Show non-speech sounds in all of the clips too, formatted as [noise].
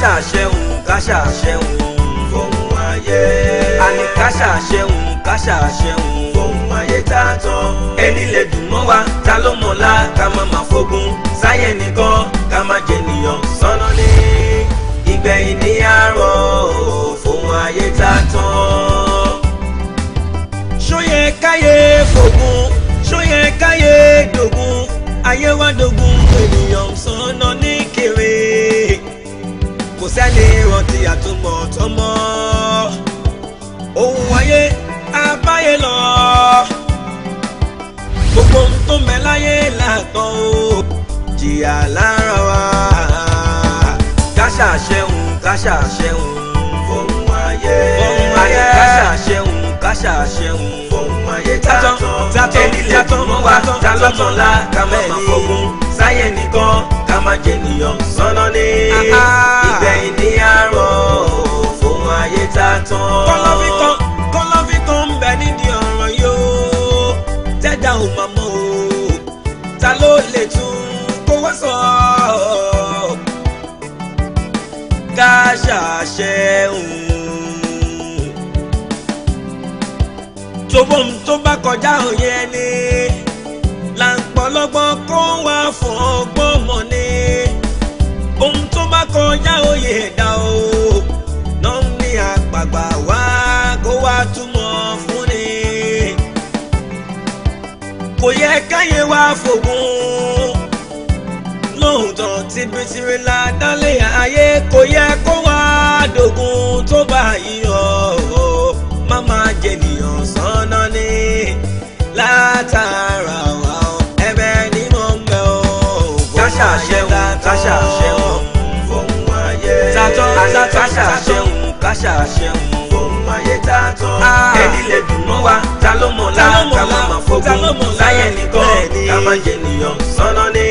ṣàṣẹ̀hùn ká ṣàṣẹ̀hùn fóun ayé. àní ká ṣàṣẹ̀hùn ká ṣàṣẹ̀hùn fóun ayé tá a tán. ẹni lè dùn mọ́ wa ta ló mọ̀lá ká má má fogun sáyẹn nìkan ká má jẹnìyàn sọ́nà ní ìgbẹ̀yìn ní àárọ̀ fóun ayé tá a káyé fogun ṣóyẹ káyé dogun ayé wa dogun ènìyàn sọ́nà ní kò sẹ́ni rántí àtúmọ̀ tó mọ́ ohun ayé abáyé lọ gbogbo ohun tó mẹ́ láyé làtọ̀ o jìyà lára wa káṣà ṣẹ́hun káṣà ṣẹ́hun fóun ayé fóun ayé káṣà ṣẹ́hun káṣà ṣẹ́hun fóun ayé tátán tátán tẹ́lẹ̀ mọ́ wa tátán la ká má má fọ́gbọ́n sáyẹ̀ nìkan ká má jẹ nìyàn sọ́nà ní ìgbẹ̀yìn ní àárọ̀ fún ayé tá a tán. kọ́lọ́fín kan kọ́lọ́fín kan ń bẹ nídìí ọ̀rọ̀ yóò tẹ́jà ò máa mọ̀ o ta ló lè tún kówó sọ ká ṣàṣẹ òun tó bọ́n tó bá kọjá òye ẹni là ń pọ̀ lọ́gbọ́n má fọgbọ́n mọ́lé ohun tó bá kọjá òye ẹ̀dá o náà ní àgbààgbà wá kó wá túmọ̀ fún ni kò yẹ káyé wá fògùn lóòótọ́ tìbìtìrì la dálé ayé kò yẹ kó wá dògùn tó bá yíyọ má má jẹ nìyàn sànán ni látàrí. ṣàṣẹun fún ayé tatọ́ ká ṣàṣẹun ká ṣàṣẹun fún ayé tatọ́ ah. ẹni lè dùnú wa ta ló mọ̀ la ká má má fogun láyé nìkan ká má jẹ nìyàn sọ́nà ní.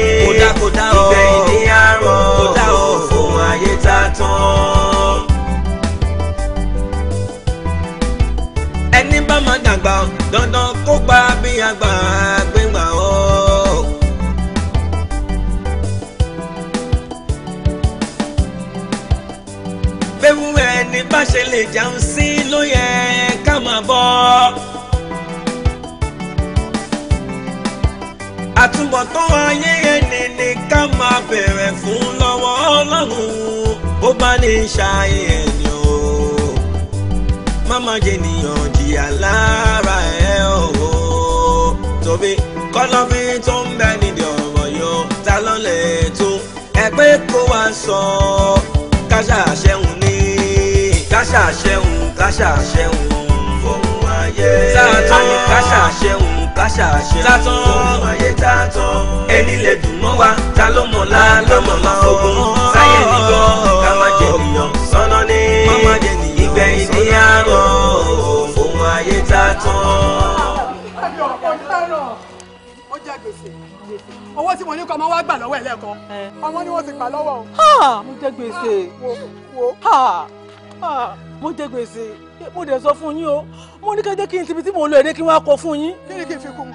káṣà ṣẹun fóun ayé sátán àní káṣà ṣẹun káṣà ṣẹun fóun ayé tátán ẹni lè dùn mọ́ wa ta ló mọ̀ la ló mọ̀ la ogun sáyé nìkan ká má jẹ nìyàn sọ́nà ní ìgbẹ̀yìn ní àárọ̀ fóun ayé tátán owó tí mo ní kọ́ ọmọ wa gbà lọ́wọ́ ẹ̀ lẹ́ẹ̀kan ọmọ ni wọ́n ti gbà lọ́wọ́ o. mo jẹ gbèsè. wo wo mo jẹ gbèsè mo dẹ̀ sọ fún yín o mo ní kẹ́jẹ́ kí n tibi tí mò ń lọ èdè kí n wá kọ fún yín. kéde kí n fi kún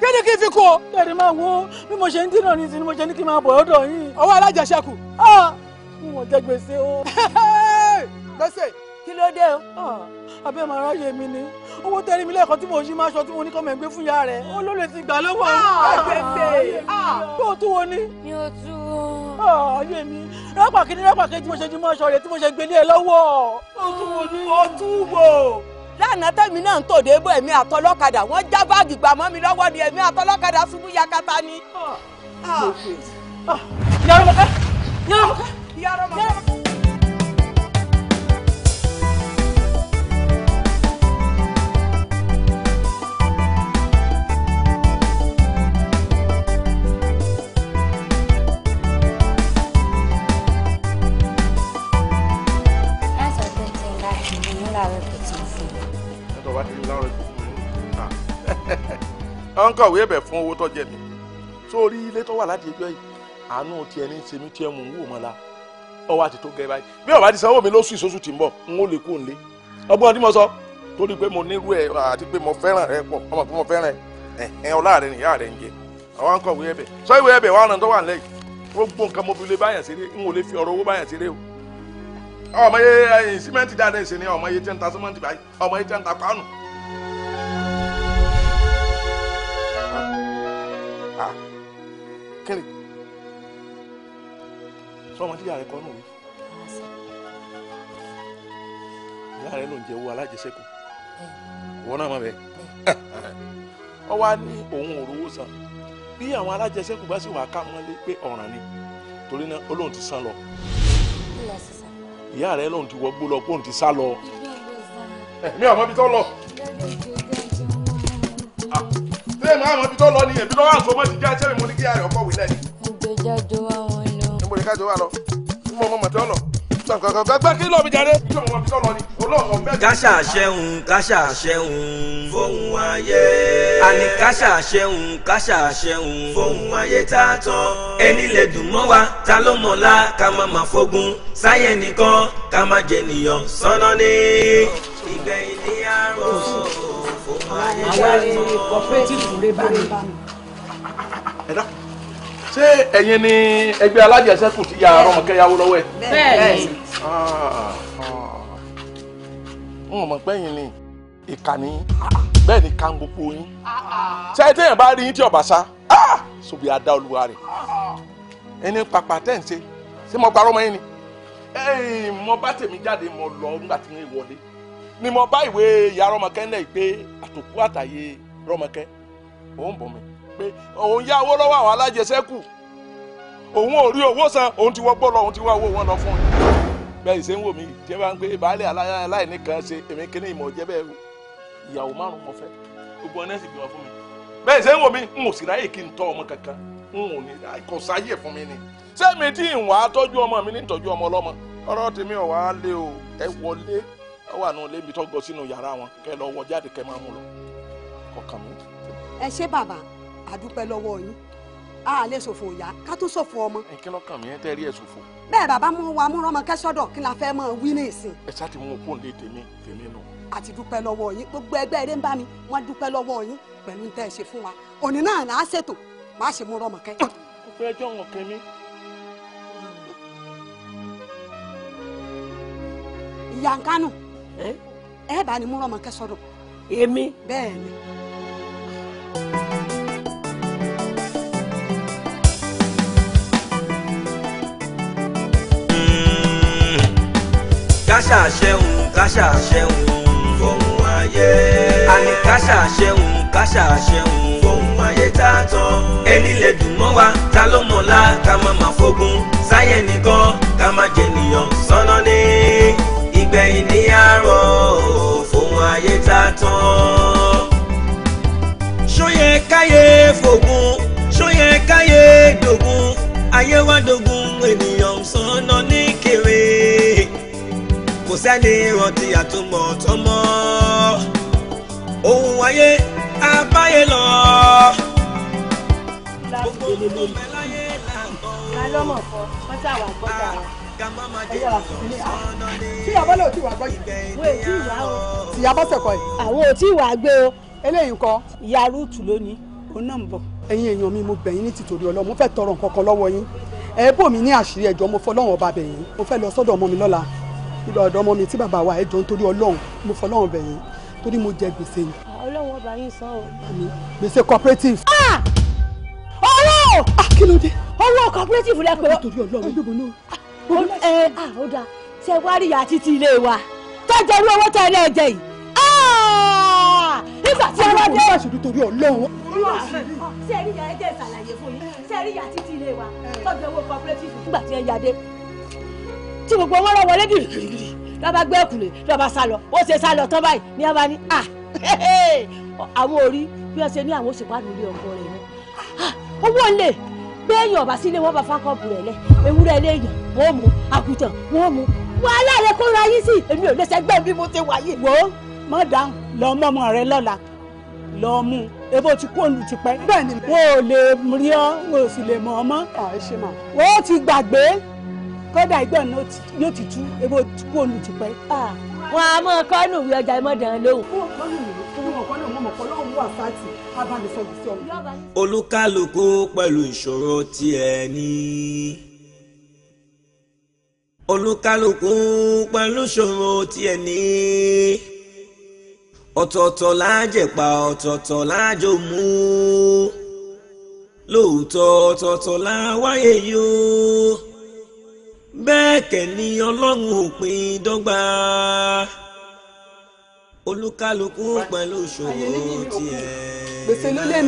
kéde kí n fi kún o. kẹ́rì máa wo bí mo ṣe ń dínà ní mo ṣe ní kí n máa bọ̀ ọ́dọ̀ yín. ọwọ́ alájàṣẹ́kù. Ah! mo jẹ gbèsè o. gbèsè kí ló dé o. Ah! abẹ́ màá ráyè mi ni owó tẹ́rí mi lẹ́ẹ̀kan tí mo yí máa ṣọ tí mo ní kọ́ mẹ́ gbé fún ìyá rẹ̀ ó ló lè ti gbà lọ́wọ́. Ah! gbèsè tó tún wo ni. mi ò tún ayé mi lọ́pọ̀ kìíní lọ́pọ̀ kejì mo ṣe ju mọ́ṣọ rẹ̀ tí mo ṣe gbélé ẹ lọ́wọ́. ọtúwò lánàá tẹ̀mí náà ń tò débò ẹ̀mí àtọlọ́kadà wọ́n já báàgì gbà mọ́ mi lọ́wọ́ ni ẹ̀mí àtọlọ́kadà ṣubú yakata ni. yàrá yàrá yàrá. ní láàárọ̀ tuntun fún un. ẹ̀tọ́ [laughs] wá ti ní láàárọ̀ tuntun fún un. ọ̀nkọ̀wé ẹ̀bẹ̀ fún owó tó jẹ mi sórí ilé tó wà láti ẹjọ́ yìí àánú tiẹ̀ ní ṣe tiẹ̀ mú wò mọ́ ọwọ́ àti tó gẹ́ báyìí bí ọ̀bá ti sanwó mi lóṣù ìṣoṣù tí ń bọ̀ n ó lè kó nlé ọgbọ́n ọdún mọ́ sọ torí pé mo nírú ẹ àti pé mo fẹ́ràn rẹ pọ̀ ọmọ pé mo fẹ́ràn ẹ ẹ ọlá rẹ nìyá rẹ ń jẹ àwọn akọ̀wé ẹ̀bẹ̀ sọ ìwé ẹ̀bẹ̀ wà á tó wà nílẹ̀ yìí gbogbo nǹkan mo ọmọ yẹ simenti dáadáa ẹsẹ ni ọmọ yẹ tẹ n ta simenti báyìí ọmọ yẹ tẹ n ta kwanu. Ah. Ah. kiri sọmọ tí yàrá ẹkọ nù mí yàrá ẹ ló ń jẹ owó alájẹsẹkù wọn náà má bẹ ọ wá ní òun ò rówó san bí àwọn alájẹsẹkù bá sì wà ká mọ́lé pé ọ̀ràn ni torí náà olóhùn ti san lọ ìyá rẹ lòun ti wọgbó lọ kóun ti sá lọ mi àmọ́ ibi tó lọ ṣé èmi àmọ́ ibi tó lọ ni èmi lọ́wọ́ àgọ́ mọ́ ti jẹ́ mi mo ní kí ààrẹ ọkọ̀ wílẹ̀ ni. mo gbé jáde wá wọn lọ. wà lọ? mo mọ mọ̀tẹ́ ọ gbẹgbẹ kí lọ́ọ̀mì jáde. káṣà ṣẹ́hun káṣà ṣẹ́hun fóun ayé. àní káṣà ṣẹ́hun káṣà ṣẹ́hun fóun ayé tá a tán. ẹni lè dùn mọ́ wa ta ló mọ̀ ká má má fogun sáyẹn nìkan ká má jẹ sọ́nà ni. ìgbẹ̀yìn ni àárọ̀ fóun ayé tá a tán. àwọn ẹni cooperative rẹ bá mi ṣé ẹ̀yin ni ẹgbẹ́ alájẹsẹ́kù ti ya ọmọkẹ́ yáwó lọ́wọ́ ẹ̀. bẹ́ẹ̀ni. Ah, ah, ah. n ò mọ̀ pé ẹ̀yin ni ìkànnì bẹ́ẹ̀ ni ká ń gbogbo yín ṣé ẹ téèyàn bá rí yín tí ọ̀bà sá ṣùgbọ́n adá olúwa rẹ̀ ẹni pàpà tẹ̀ ń ṣe ṣé mo parọ́ mọ́ yín ni mo bá tèmi jáde mo lọ nígbà tí mo wọlé ni mo bá ìwé ìyá rọmọkẹ́ ńlẹ̀ pé àtòkú àtàyè rọmọkẹ́ òun bọ̀ mi. pé òun yá lọ́wọ́ àwọn alájẹsẹ́kù òun ò rí owó san òun ti lọ ti wá owó wọn lọ fún un bẹ́ẹ̀ ṣe ń wò mí n ò sì ráyè kí n tọ́ ọmọ n ò ní kò sáyè fún mi ni sẹ́mi tí ń wá tọ́jú mi ní tọ́jú ọmọ ọlọ́mọ ọ̀rọ̀ tèmi àdúpẹ́ lọ́wọ́ yín a lè ṣòfò ìyá ká tún ṣòfò ọmọ. ẹ kí lọkàn mi ẹ tẹ rí ẹ ṣòfò. bẹ́ẹ̀ bàbá mú wa mú rọmọ kẹsọdọ kí la fẹ́ máa wí ní ìsìn. ẹ ṣáà ti mú un kó lè tèmi tèmi nù. àti dúpẹ́ lọ́wọ́ yín gbogbo ẹgbẹ́ eré ń bá mi wọ́n dúpẹ́ lọ́wọ́ yín pẹ̀lú ń tẹ́ ẹ ṣe fún wa òní náà là á ṣètò má ṣe mú rọmọ kẹ. ó fẹ́ jọ hàn kẹ́mi. ìyá nkánú ẹ bá ní mú rọmọ kẹsọdọ. káṣà ṣẹ́hùn káṣà ṣẹ́hùn fóun ayé. àní káṣà ṣẹ́hùn káṣà ṣẹ́hùn fóun ayé tá a tán. ẹni lè dùn mọ́ wa ta ló mọ̀ la ká má má fogun sáyẹn nìkan ká má jẹnìyàn sọ́nà ní ìgbẹ̀yìn ní àárọ̀ fóun ayé tá a káyé fògùn ṣóyẹ káyé dògùn ayé wa dògùn ènìyàn sọ́nà ní kéré sẹ́ni rántí àtúmọ̀ tọmọ ohun ayé abáyé lọ. gbogbo gbogbo mẹ́láyé là ń bọ̀. lálọ́mọ̀ fọ mọ́tà wà gbọ́dọ̀ àwọn tíyàbọ̀ lè tí wà gbọ́ yìí wọ́n èyí ìwà o tíyàbọ̀ sẹ̀kọ̀ yìí. àwọn ò tí ì wà gbé o eléyìí kọ. ìyá rúùtù lónìí òun náà ń bọ̀. ẹ̀yin èèyàn mi mo bẹ̀ yín ní tìtorí Ọlọ́run mo fẹ́ tọrọ nǹkan kan lọ́wọ́ yín ẹ bò mí ní àṣírí ẹ̀jọ́ mo fọlọ́run ọba bẹ̀ yín mo fẹ́ lọ sọ́dọ̀ ọmọ mi lọ́la ọ̀dọ̀ ọmọ mi tí bàbá wa ẹjọ́ nítorí ọlọ́run mo fọlọ́run bẹ̀ yín torí mo jẹ gbèsè ni. Ah, ọlọ́run ọba yín san o. gbèsè cooperative. Ah! ọwọ́ ah, kí ló dé. ọwọ́ cooperative lẹ pé. nítorí ọlọ́run ẹgbẹ́ bọ̀ náà. ẹ ó dáa tẹ wá rí ìyá títí ilé wa tọ́jú irú owó tẹ ẹ lẹ́ẹ̀ jẹ yìí. nígbà tí wọ́n dé. ọlọ́run ṣètò torí ọlọ́run. ṣé ẹ rí ìyá ẹ jẹ́ ìsàlàyé fún yín ṣé ẹ rí ìyá títí ilé wa eh. tọ́jú owó cooperative nígbà tí ẹ yá dé tí gbogbo wọn lọ wọlé gìrìgìrì lọba gbé ẹkùnlé lọba sálọ ó ṣe sálọ tán báyìí ní ọba ní à àwọn orí bí wọn ṣe ní àwọn òṣèpáàdù ah, ilé ọkọ rẹ mọ owó lè gbẹ̀yìn ọba sílé wọn bá fákọọbù rẹ lẹ ewúrẹ́ léèyàn wọn mú àgùntàn wọn mú wàhálà rẹ kó ra yín sí èmi ò lè ṣẹgbẹ́ bí mo ti wà wo má dáhùn lọ mọ́mọ́ rẹ lọ́la lọ mú ebo ti kú òun ti pẹ́. bẹ́ẹ̀ni wọn ò lè rí ọ wọn ò sì lè mọ ọmọ. ọ̀ ẹ ṣe mà. wọ́n ti gbàgbé kódà ìgbọ́n yóò ti tú ebo kú òun ti pẹ́. wọn a máa kọ́ nù wí ọjà ìmọ̀dàn lóhùn. olúkálùkù pẹ̀lú ìṣòro tiẹ̀ ní. olúkálùkù pẹ̀lú ìṣòro tiẹ̀ ní. ọ̀tọ̀ọ̀tọ̀ lájẹ̀pà ọ̀tọ̀ọ̀tọ̀ lájò mú lóòótọ́ ọ̀tọ̀ọ̀tọ̀ láwáyé yóò bẹ́ẹ̀ kẹ̀ ni ọlọ́run ò pín dọ́gba olúkálukú pẹ̀lú ìṣòro tiẹ̀ gbèsè ló lé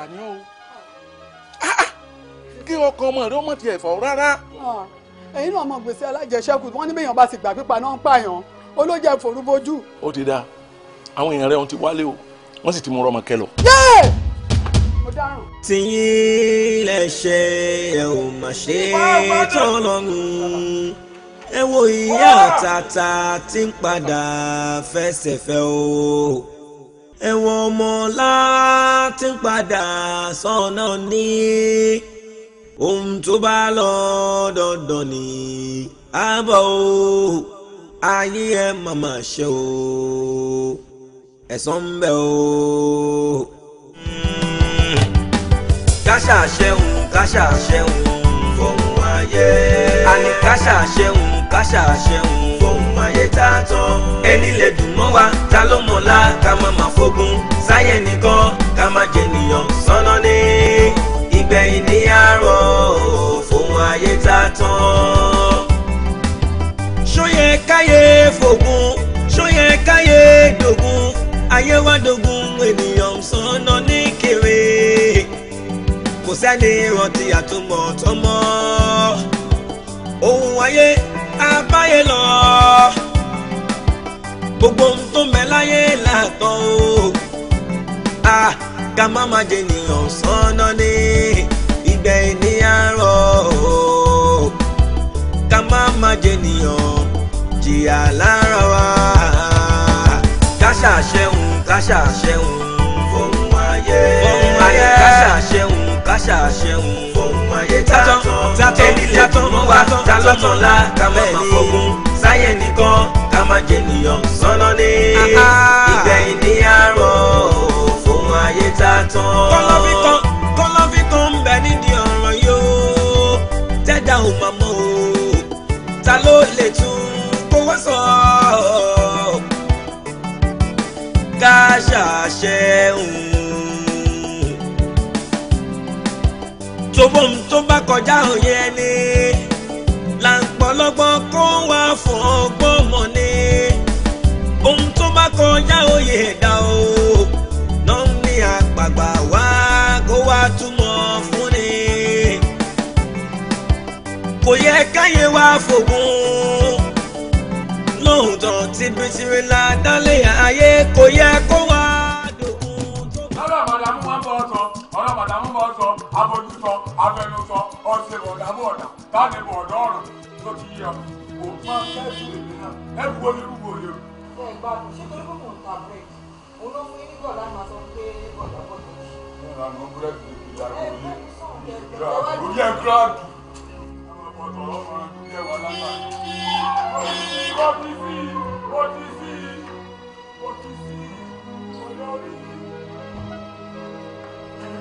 o ah, ah. kí ọkọ ọmọ rẹ ọmọ tiẹ̀ fọ rárá. Ah, ẹ̀yin náà mọ gbèsè alájẹṣẹ́kù wọ́n ní bẹ́yàn bá ti gbà pípa náà ń pààyàn olójà ìforúbójú. ó ti dáa àwọn èèyàn rẹ̀ wọ́n ti wálé o wọ́n sì ti mú ọmọ kẹ lọ. yéè tìyín lẹ ṣe ẹ ò mà ṣe tán lọ́rùn ẹ wo ìyá àtàtà tí ń padà fẹsẹ̀fẹ́ o ẹ wo ọmọọlá tí ń padà sọ́nà ní ohun tó bá lọ dandan ní àbọ̀ o ayé ẹ màmá ṣe o ẹ̀san ń bẹ o. Mm káṣà ṣẹ́hùn káṣà ṣẹ́hùn fóun ayé. àní káṣà ṣẹ́hùn káṣà ṣẹ́hùn fóun ayé tá a tán. ẹni lè dùn mọ́ wa ta ló mọ̀ la ká má má fogun sáyẹn nìkan ká má jẹnìyàn sọ́nà ní ìgbẹ̀yìn ní àárọ̀ fóun ayé tá a tán. ṣóyẹ káyé fògùn ṣóyẹ káyé dògùn ayé wa dògùn. jáde rántí àtúmọ̀ tọmọ ohun ayé abáyé lọ gbogbo ohun tó mẹ láyé làtọ̀ o a ká má má jẹ ènìyàn sọ́nà ní ìgbẹ́ ní o ká má má jẹ ènìyàn jìyà lára wa ká ṣàṣẹ̀hùn ká ṣàṣẹ̀hùn fóun ayé káṣà ṣẹun káṣà ṣẹun. ohun ayé tátọ́ enílẹ̀ mọ́ wa tálọ́tàn la ká má má fọgùn sáyẹ̀ nìkan ká má jẹ nìyàn sọ́nà ní ìgbẹ̀yìn ní àárọ̀ ohun ayé tátọ́. kọ́lọ́fín kan kọ́lọ́fín kan ń bẹ nídìí ọ̀rọ̀ yóò tẹ́jà ò máa mọ̀ o ta ló lè tún kówó sọ ká ṣàṣẹ sobom tó bá kọjá òye ẹni làǹpọ̀lọ́gbọ́n kó wá fún ọgbọ́n mọ̀ ni ohun tó bá kọjá òye ẹ̀dá o náà ní àgbààgbà wá kó wá túmọ̀ fún ni kò yẹ káyé wá fògùn lóòótọ́ tìbìtìrì là dálé ayé kò yẹ kó wá ọlọ́pàá mú bọ́ sọ abojú sọ abẹnú sọ ọ̀sẹ̀ ọ̀dà bọ̀ ọ̀dà táàdé bọ̀ ọ̀dọ́ ọ̀rùn tó ti yẹ kó máa fẹ́ sùn èmi náà ẹ kú omi rúgbò lé o. ṣé ìgbàdùn ṣé torí kòkòrò ta bírèkì òun ló fún yín nígbà lánàá sọ pé bọ̀dà bọ̀dà. ìlànà bírèkì ìyàwó yìí ìjìká òye gíráàdù. àwọn ọ̀dọ́ ọlọ́run ló jẹ́ wà lánàá. ó ti fi ó ti fi.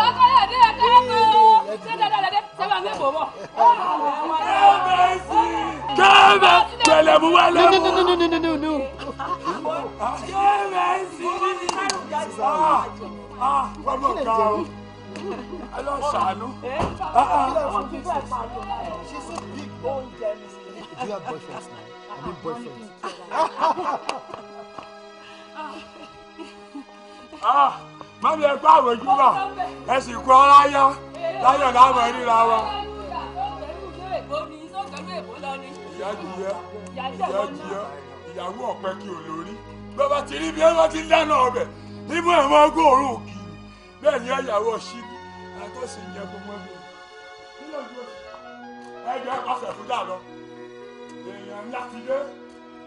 bàbá kọ́lẹ̀ ní ẹ̀ka ẹ̀kọ́ o ṣé dandan lẹ́dẹ́ ṣé wàá mẹ́bò wọ̀. kẹ́mẹ̀ tẹ̀lẹ̀ mú wá lẹ́mú. kẹ́mẹ̀ sí i. wọ́n mọ̀ ká o alọ́ sànú. Do you have boyfriends now? I mean boyfriends. ah! mọ́mi ẹ kó àwọn ojúbà ẹ sì kó ọ láyọ̀ láyọ̀ láwọn ríra wọn. ìyá jìyẹ ìyá jìyẹ ìyàwó ọ̀pẹ kí o lórí bàbá ti rí bí wọ́n ti dáná ọbẹ̀ nímú ẹ̀wọ̀n ọgọ́ òru òkì bẹ́ẹ̀ ni ìyàwó ṣíbí àtọ́sí ìyẹn gbogbo ẹgbẹ́ ẹgbẹ́ pàṣẹ fún dàlọ́ èèyàn ńlá ti dé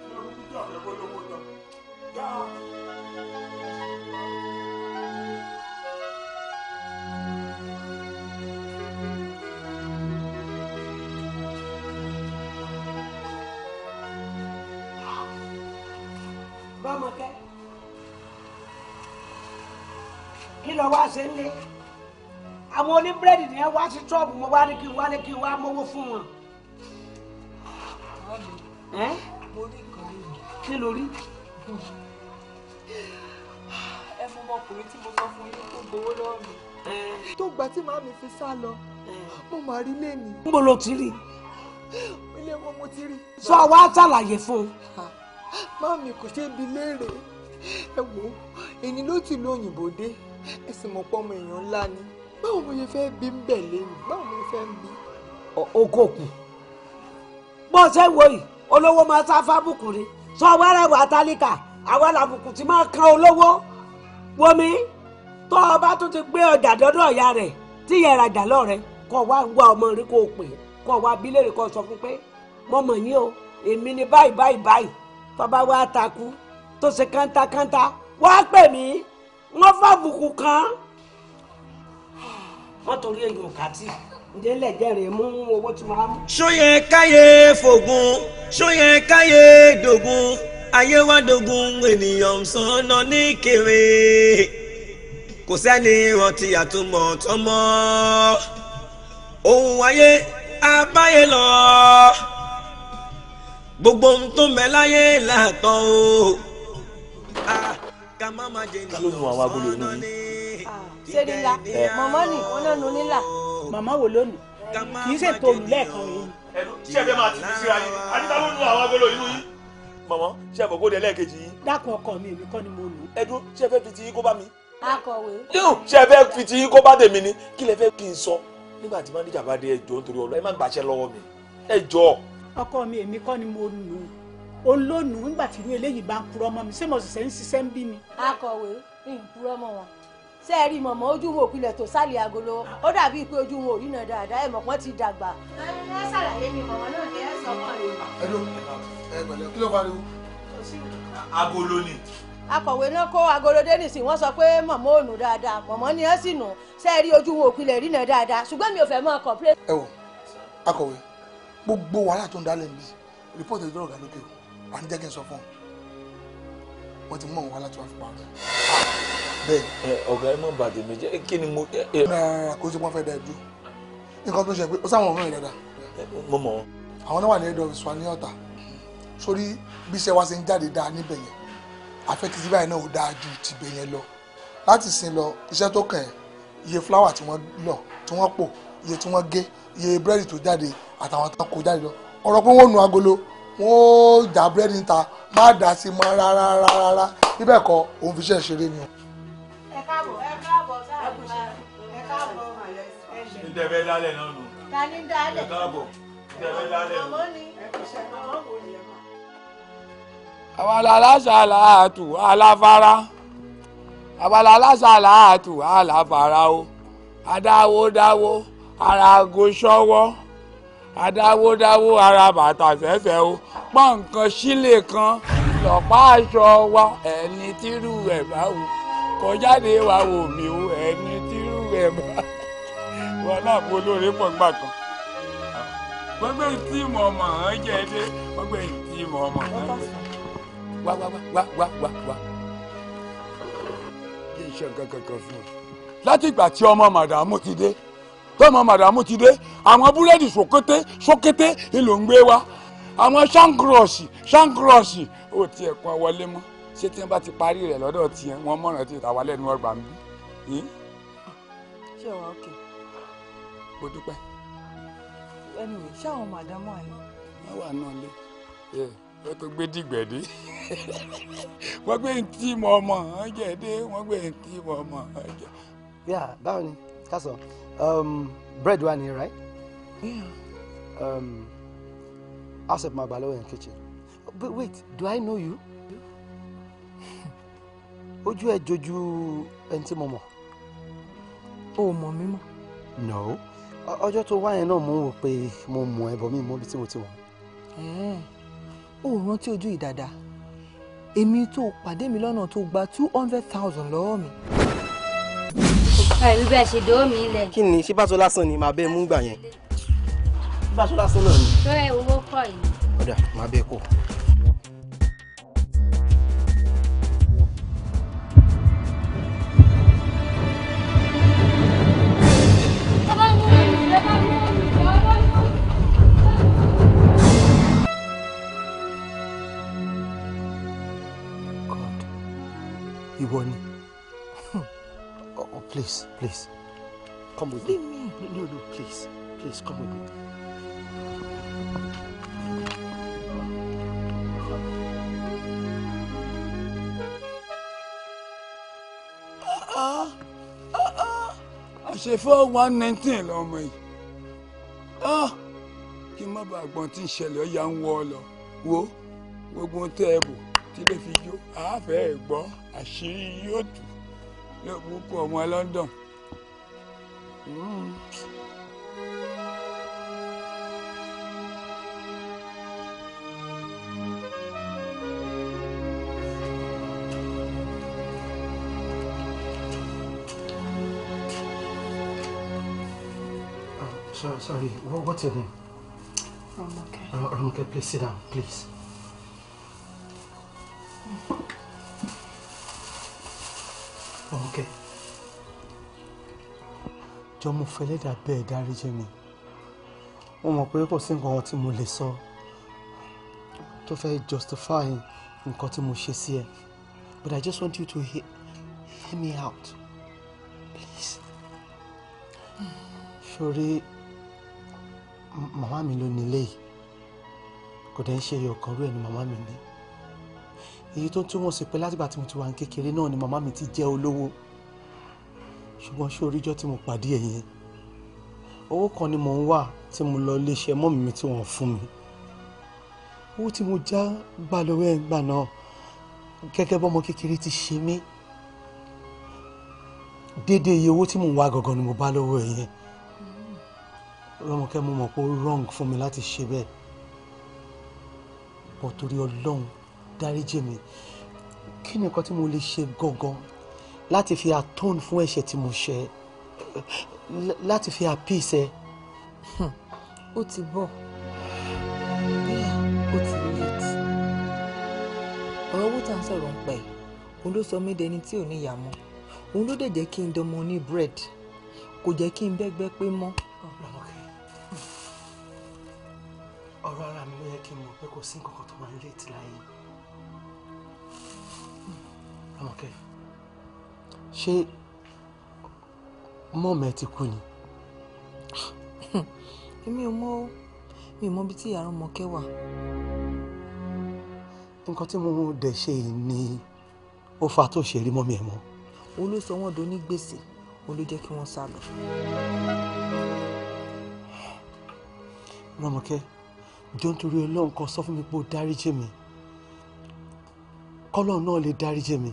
ṣé o kúkú tí ọ̀rẹ́ bó lówó tán. lọ wá ṣe ń lé àwọn oníbúrẹ́dì yẹn wá sí ṣọ́ọ̀bù mo wá ní kí n wá ní kí n wá mówó fún wọn. mo rí nǹkan rí mi. kí ló rí. ẹ fún ọmọkùnrin tí mo sọ fún yín kó gbowó lọ́wọ́ mi. tó gbà tí màmí fi sá lọ mo máa rí lẹ́nu. níbo ló ti rí. ilé wọn mo ti rí. sọ wá ṣàlàyé fún un. màmí kò ṣe bi léèrè ẹ wò èyí ló ti lo dé ẹ sì mọ̀ pé ọmọ èèyàn ńlá ni báwo mo ṣe fẹ́ bí ń bẹ̀ lẹ́yìn báwo mo ṣe fẹ́ ń bí. ogún òkú bó ṣe wo yìí olówó máa sá fábùkù ni sọ wẹ́rẹ́ wà tálíkà àwa làbùkù ti máa kan olówó wọmi tó o bá tún ti gbé ọjà dọ́dọ̀ ọ̀ya rẹ̀ tí yẹn rajà lọ́rẹ̀ kó wá wá ọmọ rí kó o pè kó wá bílẹ̀rì kó o sọ fún pé mo mọ̀ yín o èmi ni báyìí báyìí báyìí tó wá takú tó ṣe kántákántá wá pè mí wọ́n fàbùkù kan wọ́n torí èèyàn kàtì délẹ̀ jẹ́rìí mú owó tí wọ́n á mú. ṣóyẹ káyé fògùn ṣóyẹ káyé dògùn ayé wá dògùn ènìyàn sọ̀nà ní kéré kò sẹ́ni rántí àtúmọ̀ tọmọ ohun ayé abáyé lọ gbogbo ohun tó mẹ́ làtọ̀ o. Ah ká ló nu àwọn agolo inú yìí. Ah, ṣé mama, màmá ni wọn náà nu mama, màmá wò lónìí kì í ṣètò olùlẹ́ẹ̀kan rẹ̀ yìí. ṣé ẹ fẹ́ máa tìbí síra yìí àti ká ló nu àwọn agolo inú yìí mama, ṣé ẹ fọ́ kó dé lẹ́ẹ̀kejì yìí. dákun ọkọ mi èmi kọ́ ni mo lù. ẹ dúró ṣé ẹ fẹ́ fi ti yín kó bá mi. akọ̀wé. yóò ṣé ẹ fẹ́ fi ti yín kó bá tèmi ni kí lẹ fẹ́ kí n sọ nígbà tí manager bá dé ẹjọ́ nítorí ọlọ́ ẹ má gbàṣẹ lọ́wọ́ mi ẹjọ́. ọkọ mi èmi kọ́ ni mo lù ú olóònù nígbà tí irú eléyìí bá ń purọ́ mọ́ mi ṣé mo ṣẹ̀ṣẹ̀ ń ṣiṣẹ́ ń bí mi. akọ̀wé ń purọ́ mọ́ wọn ṣé ẹ rí mọ̀mọ́ ojú wọn òpilẹ̀ tó sálì agolo ó dàbí pé ojú wọn ò rí náà dáadáa ẹ̀ mọ̀pọ́n ti dàgbà. ẹ ṣàlàyé ni mọ̀mọ́ náà ní ẹ sọ fún mi. ẹ ló ẹ pẹ̀lẹ́ kí ló pariwo. agolo ni. akọ̀wé náà kó agolo dé wọ́n sọ pé mọ̀mọ́ ò nù dáadáa mọ̀mọ́ ni ẹ sì nù ṣé ẹ rí ojú wọn òpilẹ̀ rí dáadáa ṣùgbọ́n mi ò fẹ́ máa kọ̀ọ̀pẹ́. ẹ wò akọ̀wé gbogbo wàhálà tó ń dálẹ̀ wà ní jẹ́kí n sọ fún ọ wọ́n ti mú òun wá láti wá fipá rẹ̀. bẹ́ẹ̀ ọ̀gá ẹ mọ̀ bàdé mi jẹ́ kí ni mo. rárá kó ṣe pọ́n fẹ́ da ẹ̀dú nǹkan tó ṣe pé ó sáwọn ọ̀rẹ́ rẹ̀ dá. mo mọ̀ wọn. àwọn náà wà ní ẹ̀dọ̀ ìṣúná ní ọ̀tà sórí bí iṣẹ́ wa ṣe ń jáde dáa níbẹ̀ yẹn àfẹ́kìtì báyìí náà ó dáa ju tìbẹ̀ yẹn lọ láti sin lọ iṣẹ́ tó kàn yẹn iye fúláwà tí wọ́n lọ tí wọ́n pò iye tí wọ́n gé iye búrẹ́dì tó jáde àtàwọn tó kó jáde lọ ọ̀rọ̀ pé wọ́n nu agolo wọn ó dà búrẹ́dì níta má dà sí mọ́ rárá rárá níbẹ̀ kọ́ òun fi ṣe ṣeré ni. ẹ káàbọ̀ ẹ káàbọ̀ sáà ẹ káàbọ̀ ní tẹ̀fẹ́ lálẹ́ náà nù. ta ni dálẹ̀ ẹ káàbọ̀ ní tẹ̀fẹ́ lálẹ́ nù. àwọn aláṣà làátù aláfárá àwọn aláṣà làátù aláfárá o adáwó dáwó ara ṣọwọ́ adáwódáwó ara bàtà fẹ́fẹ́ o pọ́n nǹkan sílé kan lọ́pá aṣọ wa ẹni tírú ẹ̀ bá wò kọjáde wa wò mí o ẹni tírú ẹ̀ bá wọn náà kó lóore pọ̀ gbà kan gbogbo tí mo mọ̀ ọ́n jẹ́ dé gbogbo tí mo mọ̀ ọ́n jẹ́ wá wá wá wá wá wá kí n ṣe nǹkan kankan fún ọ láti ìgbà tí ọmọ màdàmú ti dé tọ́mọ màdàmú ti dé àwọn búrẹ́dì sòkété sòkété ìlò ń gbé wa àwọn ṣáńkúrọ̀ọ̀sì ṣáńkúrọ̀ọ̀sì ó tiẹ̀ kan wọlé mọ́ ṣé tí wọ́n bá ti parí rẹ̀ lọ́dọ̀ tiẹ̀ wọ́n mọ̀ràn tí ìtawà lẹ́nu ọgbà ń bí. ṣé ọ̀rọ̀ òkè. mo dúpẹ́. ẹnu rẹ̀ ṣé àwọn màdàmú àná. wọ́n wà náà lé ẹ̀ ó tó gbé dìgbẹ̀dé wọ́n gbé ń tí mọ́ ọmọ ọ̀jẹ̀ dé wọ́n gbé ń tí mọ́ ọmọ ọ̀jẹ̀. yà báwo ni ká sọ. Um, bread wà ní, right? Yeah. Um, I'll set my balo in the kitchen. But wait, do I know you? [laughs] Ojú ẹ jojú ẹni tí mo mọ̀. O mọ̀ mí mọ̀. No. I just want to know more wò pé mo mọ̀ ẹ bọ̀ mí mọ́ bí tí mo ti wọ̀. O rántí ojú ìdàdà. Èmi tó pàdé mi two hundred thousand lọ́wọ́ mi ẹ̀mí bẹ́ẹ̀ ṣe dòó mi lẹ̀. kí ni ṣé bàtọ́ lásán ni màá bẹ́ẹ̀ mú gbà yẹn bàtọ́ lásán náà ni. tó ẹ owó kọ yìí. ọ̀dà màá bẹ́ẹ̀ kọ. ìwọ ni Please, please. Come with Leave me. me. No, no, please. Please, come with me. Uh-uh. Uh-uh. ṣe four one nineteen lọmọ yìí ah, kí n má bàa gbọ́n tí ń ṣẹlẹ̀ ọ̀yà ń wọ́ ọ lọ wo gbogbo tẹ́ ẹ bò tí lè fi jó àáfẹ́ ẹ̀ gbọ́ àṣírí yóò tú. ló bukú ọmọ London. Ah, sorry, sorry. what's your name? Ramoke. Uh, please sit down, please. jọ mo fẹ́ lẹ́dà bẹ́ẹ̀ dáríjì mi mo mọ̀ pé kò sí nǹkan tí mo lè sọ tó fẹ́ justify nǹkan tí mo ṣe sí ẹ but I just want you to hear, hear me out please sori Mama mi ló nílé yìí kò dẹ̀ ń ṣe iye ọ̀kan rú ẹ̀ ni màmá mi ní èyí tó túmọ̀ sí pé látìgbà tí mo ti wà ní kékeré náà ni màmá mi ti jẹ́ olówó ṣùgbọ́n ṣé oríjọ́ tí mo pàdé ẹ̀yin owó kan ni mò ń wà tí mo lọ iléeṣẹ́ mọ́mì mi tí wọ́n fún mi owó tí mo já gbà lọ́wọ́ ẹ̀ náà gẹ́gẹ́ bọ́mọ kékeré ti ṣe mí dédé iye owó tí mò ń wá gangan ni mo bá lọ́wọ́ ẹ̀ yẹn mo mọ̀ pé ó wrong fún mi láti ṣe bẹ́ẹ̀ bọ̀ Ọlọ́run dáríjì mi kí ni nǹkan tí mo lè ṣe gangan láti fi atone fún ẹ̀ṣẹ̀ tí mo ṣẹ̀ láti fi appease ẹ. Hmm, ó ti bọ̀ bẹ́ẹ̀ ó ti late ọ̀rọ̀ owó tá à ń sọ̀rọ̀ ń pẹ́ òun ló sọ mí dẹni tí ò ní ìyá òun ló dẹ̀ jẹ́ kí n dánmọ ní bread kò jẹ́ kí n bẹ́gbẹ́ pé mọ́. ọ̀rọ̀ ara mi ló yẹ kí n mọ̀ pé kò sí nǹkan kan tó máa ń late láyé. Ramọ́kẹ́. Hmm ṣé mọ́ọ̀mẹ́ ti kú ni. èmi ò mọ mi ò mọ ibi tí ìyá Rọ́mọkẹ́ wà. nǹkan tí mo dẹ̀ ṣe yìí ni ó fa tó ṣe rí mọ́mí ẹ̀ mọ́. òun ló sọ wọ́n do ní gbèsè òun ló jẹ́ kí wọ́n sá lọ. Rọ́mọkẹ́ jọ nítorí Ọlọ́run kan sọ fún mi pé ó dáríjì mi kọ́lọ́ náà lè dáríjì mi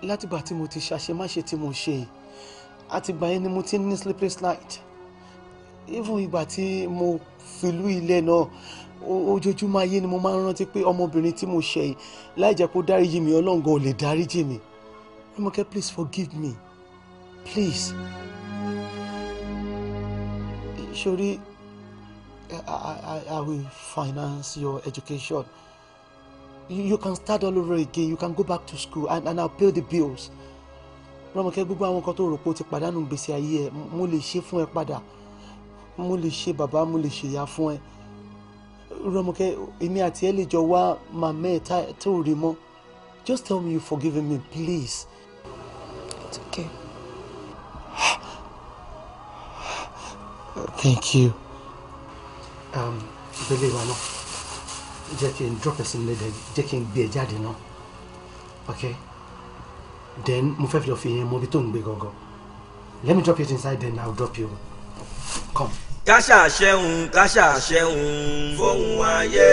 látìgbà tí mo ti ṣàṣemáṣe tí mo ṣe àtìgbà yẹn ni mo ti ní sleepless night even ìgbà tí mo fìlú ilẹ̀ náà ojoojúmọ́ ayé ni mo máa ń rántí pé ọmọbìnrin tí mo ṣe yìí láì jẹ́ kó dáríjì mi ọlọ́ngàn ò lè dáríjì mi Rẹ́mọkẹ́ please forgive me please sori I, I, I will finance your education you can start all over again you can go back to school and and I'll pay the bills rọmọkẹ gbogbo àwọn nǹkan tó rò pé o ti pàdánù gbèsè ayé ẹ mo lè ṣe fún ẹ padà mo lè ṣe bàbá mo lè ṣèyá fún ẹ rọmọkẹ èmi àti ẹ lè jọ wá màmá ẹ tó rí mọ just tell me you forgive me please. it's okay. thank you. Um, believe or not jẹ́ kí n drop ẹ sí ilé jẹ́ kí n gbé ẹ jáde náà ok then mo fẹ́ fi lọ fi yẹn mọ ibi tó ń gbé gọ́gọ́ let me drop it inside then i will drop you come. káṣà ṣẹ́hun káṣà ṣẹ́hun fóun ayé.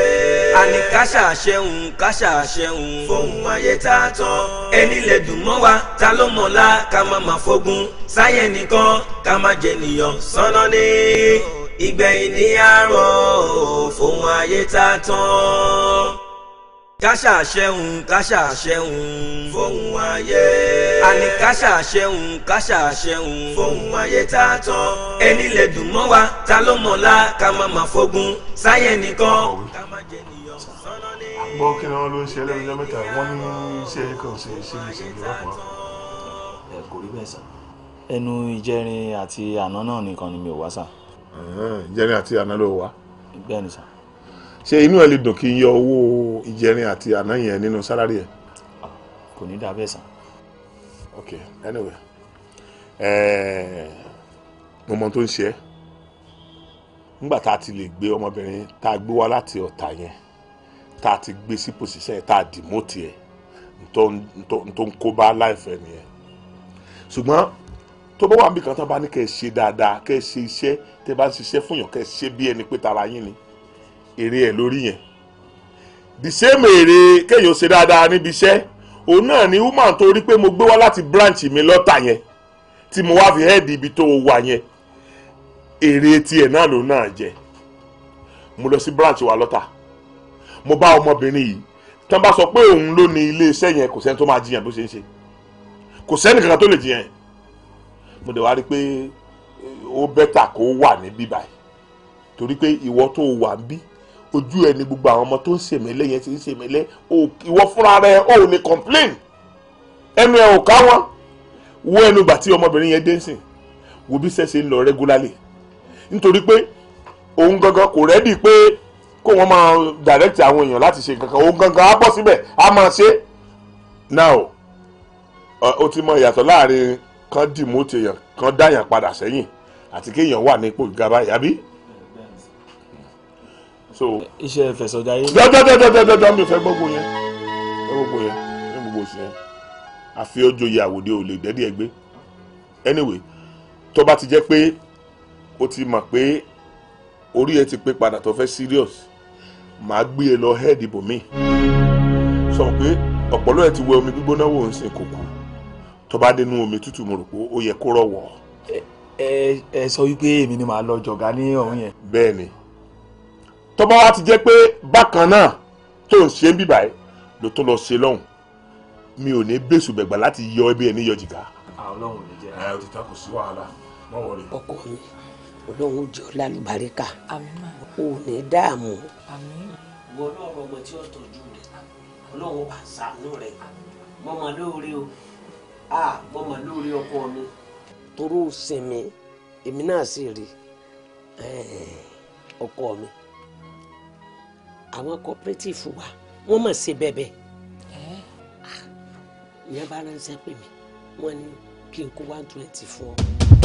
àní káṣà ṣẹ́hun káṣà ṣẹ́hun fóun ayé tá a tán. ẹni lè dùn mọ́ wa ta ló mọ̀ ká má má fogun sáyẹn nìkan ká má jẹ nìyàn sọ́nà ni. Oh ìgbẹ̀yìn ní àárọ̀ fòun ayé tá a tán káṣà ṣẹ́hun káṣà ṣẹ́hun fòun ayé àní káṣà ṣẹ́hun káṣà ṣẹ́hun fòun ayé tá a tán ẹni lè dùn mọ́ wa ta ló mọ̀ la ká má má fogun sáyẹn nìkan gbọ́ kí ni wọ́n ló ń ṣe ẹlẹ́rìí ọjọ́ mẹ́ta wọ́n ní iṣẹ́ kan ṣe ṣe ṣe ìjọba kan. ẹ kò rí bẹ́ẹ̀ sà ẹnu ìjẹrin àti àná náà nìkan ni mi ò wá sà ìjẹrin àti àná ló wà. bẹ́ẹ̀ ni sà. ṣé inú ẹ lè dùn kí n yọ owó ìjẹrin àti àná yẹn nínú sálárì ẹ. kò ní dáa bẹ́ẹ̀ ok anyway mo mọ tó ń ṣe ẹ́ nígbà tá a ti lè gbé ọmọbìnrin tá a gbé wá láti ọ̀tà yẹn tá a ti gbé sí pòṣìṣẹ́ tá a dì mọ́tì ẹ̀ tó ń kó bá láìfẹ́ nìyẹn ṣùgbọ́n tó bá wà níbi kan tó bá ní kẹ́ ẹ ṣe dáadáa kẹ́ ẹ ṣe iṣẹ́ tẹ́ bá ń ṣiṣẹ́ fún yàn kẹ́ ẹ ṣe bí ẹni pé tara yín ni èrè ẹ̀ lórí yẹn the same èrè kéèyàn ṣe dáadáa níbi iṣẹ́ òun náà ni woman tó rí pé mo gbé wá láti branch mi lọ́tà yẹn tí mo wá fi head ibi tó wà yẹn èrè tiẹ̀ náà lòun náà jẹ mo lọ sí branch wa lọ́tà mo bá ọmọbìnrin yìí tán bá sọ pé òun ló ní iléeṣẹ́ yẹn kò sẹ́ni tó máa jiyàn bó ṣe ń ṣe kò sẹ́ni tó lè jiyàn yẹn mo dẹ̀ wá rí i pé eh, ó bẹ́tà kó wà níbí báyìí torí pé ìwọ tó wà ń bí ojú ẹ ní gbogbo àwọn ọmọ tó ń ṣèmẹ́lẹ́ yẹn ti ń ṣèmẹ́lẹ́ ìwọ fúnra rẹ ò lè complain ẹnu ẹ ò ká wọn wo ẹnu bàtí ọmọbìnrin yẹn dé sìn wo bí sẹ́sẹ̀ ń lọ regularly nítorí pé òun gangan kò rẹ́dì pé kó wọ́n máa direct àwọn èèyàn láti ṣe kankan òun gangan á bọ̀ síbẹ̀ á máa ṣe now ó ti mọ ìyàtọ̀ láàrin kán dìmọ́tì èèyàn kán dáyàn padà sẹ́yìn àti kéèyàn wà ní ipò ìjọba yàbí. iṣẹ́ ìfẹ̀sọ̀jáyé. dọ́dọ́dọ́dọ́dọ́ mi fẹ́ gbogbo yẹn fẹ́ gbogbo yẹn ní gbogbo oṣù yẹn àfi ojoyè àwòdì ò lè dẹ́dí ẹgbẹ́ anyway tó bá ti jẹ́ pé o ti mọ̀ pé orí ẹ ti pé padà tó fẹ́ serious màá gbé e lọ head ibòmíì sọ pé ọ̀pọ̀lọ́ ẹ ti wẹ omi gbígbóná wò ń sìn kò kú tó bá dénú omi tútù mo rò pé ó yẹ kó rọ̀wọ̀. ẹ ẹ sọ wípé èmi ni màá lọ jọ̀gá ní ọ̀hún yẹn. bẹ́ẹ̀ ni tó bá wá ti jẹ́ pé bákan náà tó ń ṣe ń bíbà ẹ́ ló tó lọ ṣe lọ́hùn mi ò ní bẹ́sù bẹ̀gbà láti yọ ẹbí ẹ níyọ jìgá. ọlọ́run ò ní jẹ́ ẹ òtítà kò sí wàhálà má wọlé. ọkọ mi ọlọ́run jọ lálùbáríkà ò ní dààmú. wọ́n lọ́rọ̀ tí ó tọ́jú rẹ̀ ọlọ́run àṣà àánú rẹ̀ mọ́mọ́ lóore o a mo mọ̀ lórí ọkọ mi. toró sinmi èmi náà sì rí eh, ọkọ mi àwọn cooperative wa wọ́n mọ̀ sí bẹ́ẹ̀bẹ́ eh? ah, ìyẹn bá ránṣẹ́ pè mí wọ́n ní kí n kó one twenty fún ọ.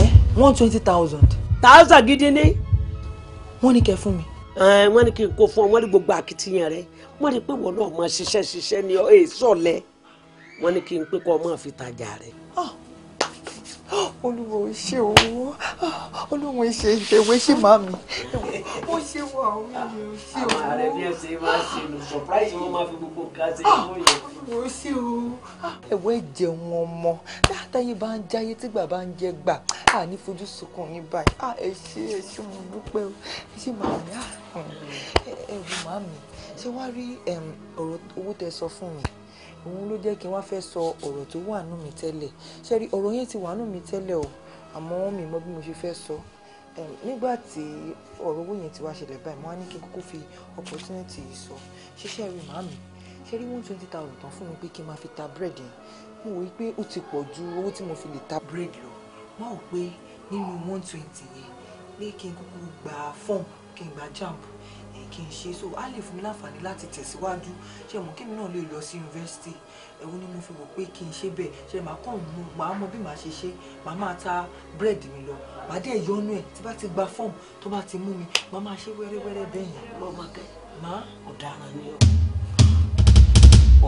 Eh? one twenty thousand. thousand gidi ni. wọ́n ní kẹ́ fún mi wọ́n ní kí n kó fún ọ wọ́n ní gbogbo akitiyan rẹ wọ́n ní pé wọ́n náà máa ṣiṣẹ́ ṣiṣẹ́ ni èso lẹ wọ́n ní kí n pé kọ́ ọ máa fi tajà rẹ̀. olúwo ṣe owó olúwo ṣe ìfẹ̀wé ṣì máa mi ó ṣe wà ó mi ò ṣe owó. àwọn ààrẹ bí ẹ ṣe máa ṣe lò surprise wọn máa fi gbogbo nǹkan ṣe ìwọ ah, yẹn. olúwo ṣe owó. Ah, ẹ̀wọ́ ẹ̀jẹ̀ wọn mọ látàyè bá ń jáyé tí gbà bá ń jẹ gbà á ní fojú sunkún ní báyìí á ah, ẹ ṣe ẹ ṣe mo dúpẹ́ o ẹ ṣe máa mi á ẹ̀wù máa mi ṣé wàá rí ọ̀rọ̀ owó tẹ sọ fún mi òun ló jẹ́ kí n wá fẹ́ sọ ọ̀rọ̀ tó wà nù mí tẹ́lẹ̀ ṣẹ́rí ọ̀rọ̀ yẹn ti wà nù mí tẹ́lẹ̀ o àmọ́ mi mọ bí mo ṣe fẹ́ sọ nígbà tí ọ̀rọ̀ owó yẹn ti wá ṣẹlẹ̀ báyìí mo wá ní kí n kúkú fi opportunity yìí sọ ṣíṣẹ́ rí màá ṣe rí one twenty thousand tán fún mi pé kí n máa fi ta búrẹ́dì yẹn mo wòye pé ó ti pọ̀ ju owó tí mo fi lè ta búrẹ́dì lọ máa wò pé nínú one twenty yẹn pé kí n kúkú gba fọ́ọ̀mù kí n gba jàǹbù kì í ṣe so á lè fún mi láǹfààní láti tẹ̀síwájú ṣe mọ̀ kémi náà lè lọ sí yunifásitì ẹ̀wọ́n ni mo fi wò pé kì í ṣe bẹ́ẹ̀ ṣe máa kàn mú màá mọ bí màá ṣe ṣe màá máa ta búrẹ́dì mi lọ màá dẹ̀ yọnu ẹ̀ tí bá ti gba fọ́ọ̀mù tó bá ti mú mi màá máa ṣe wẹ́rẹ́wẹ́rẹ́ bẹ́ẹ̀ yẹn. ọ̀daràn ni ọ́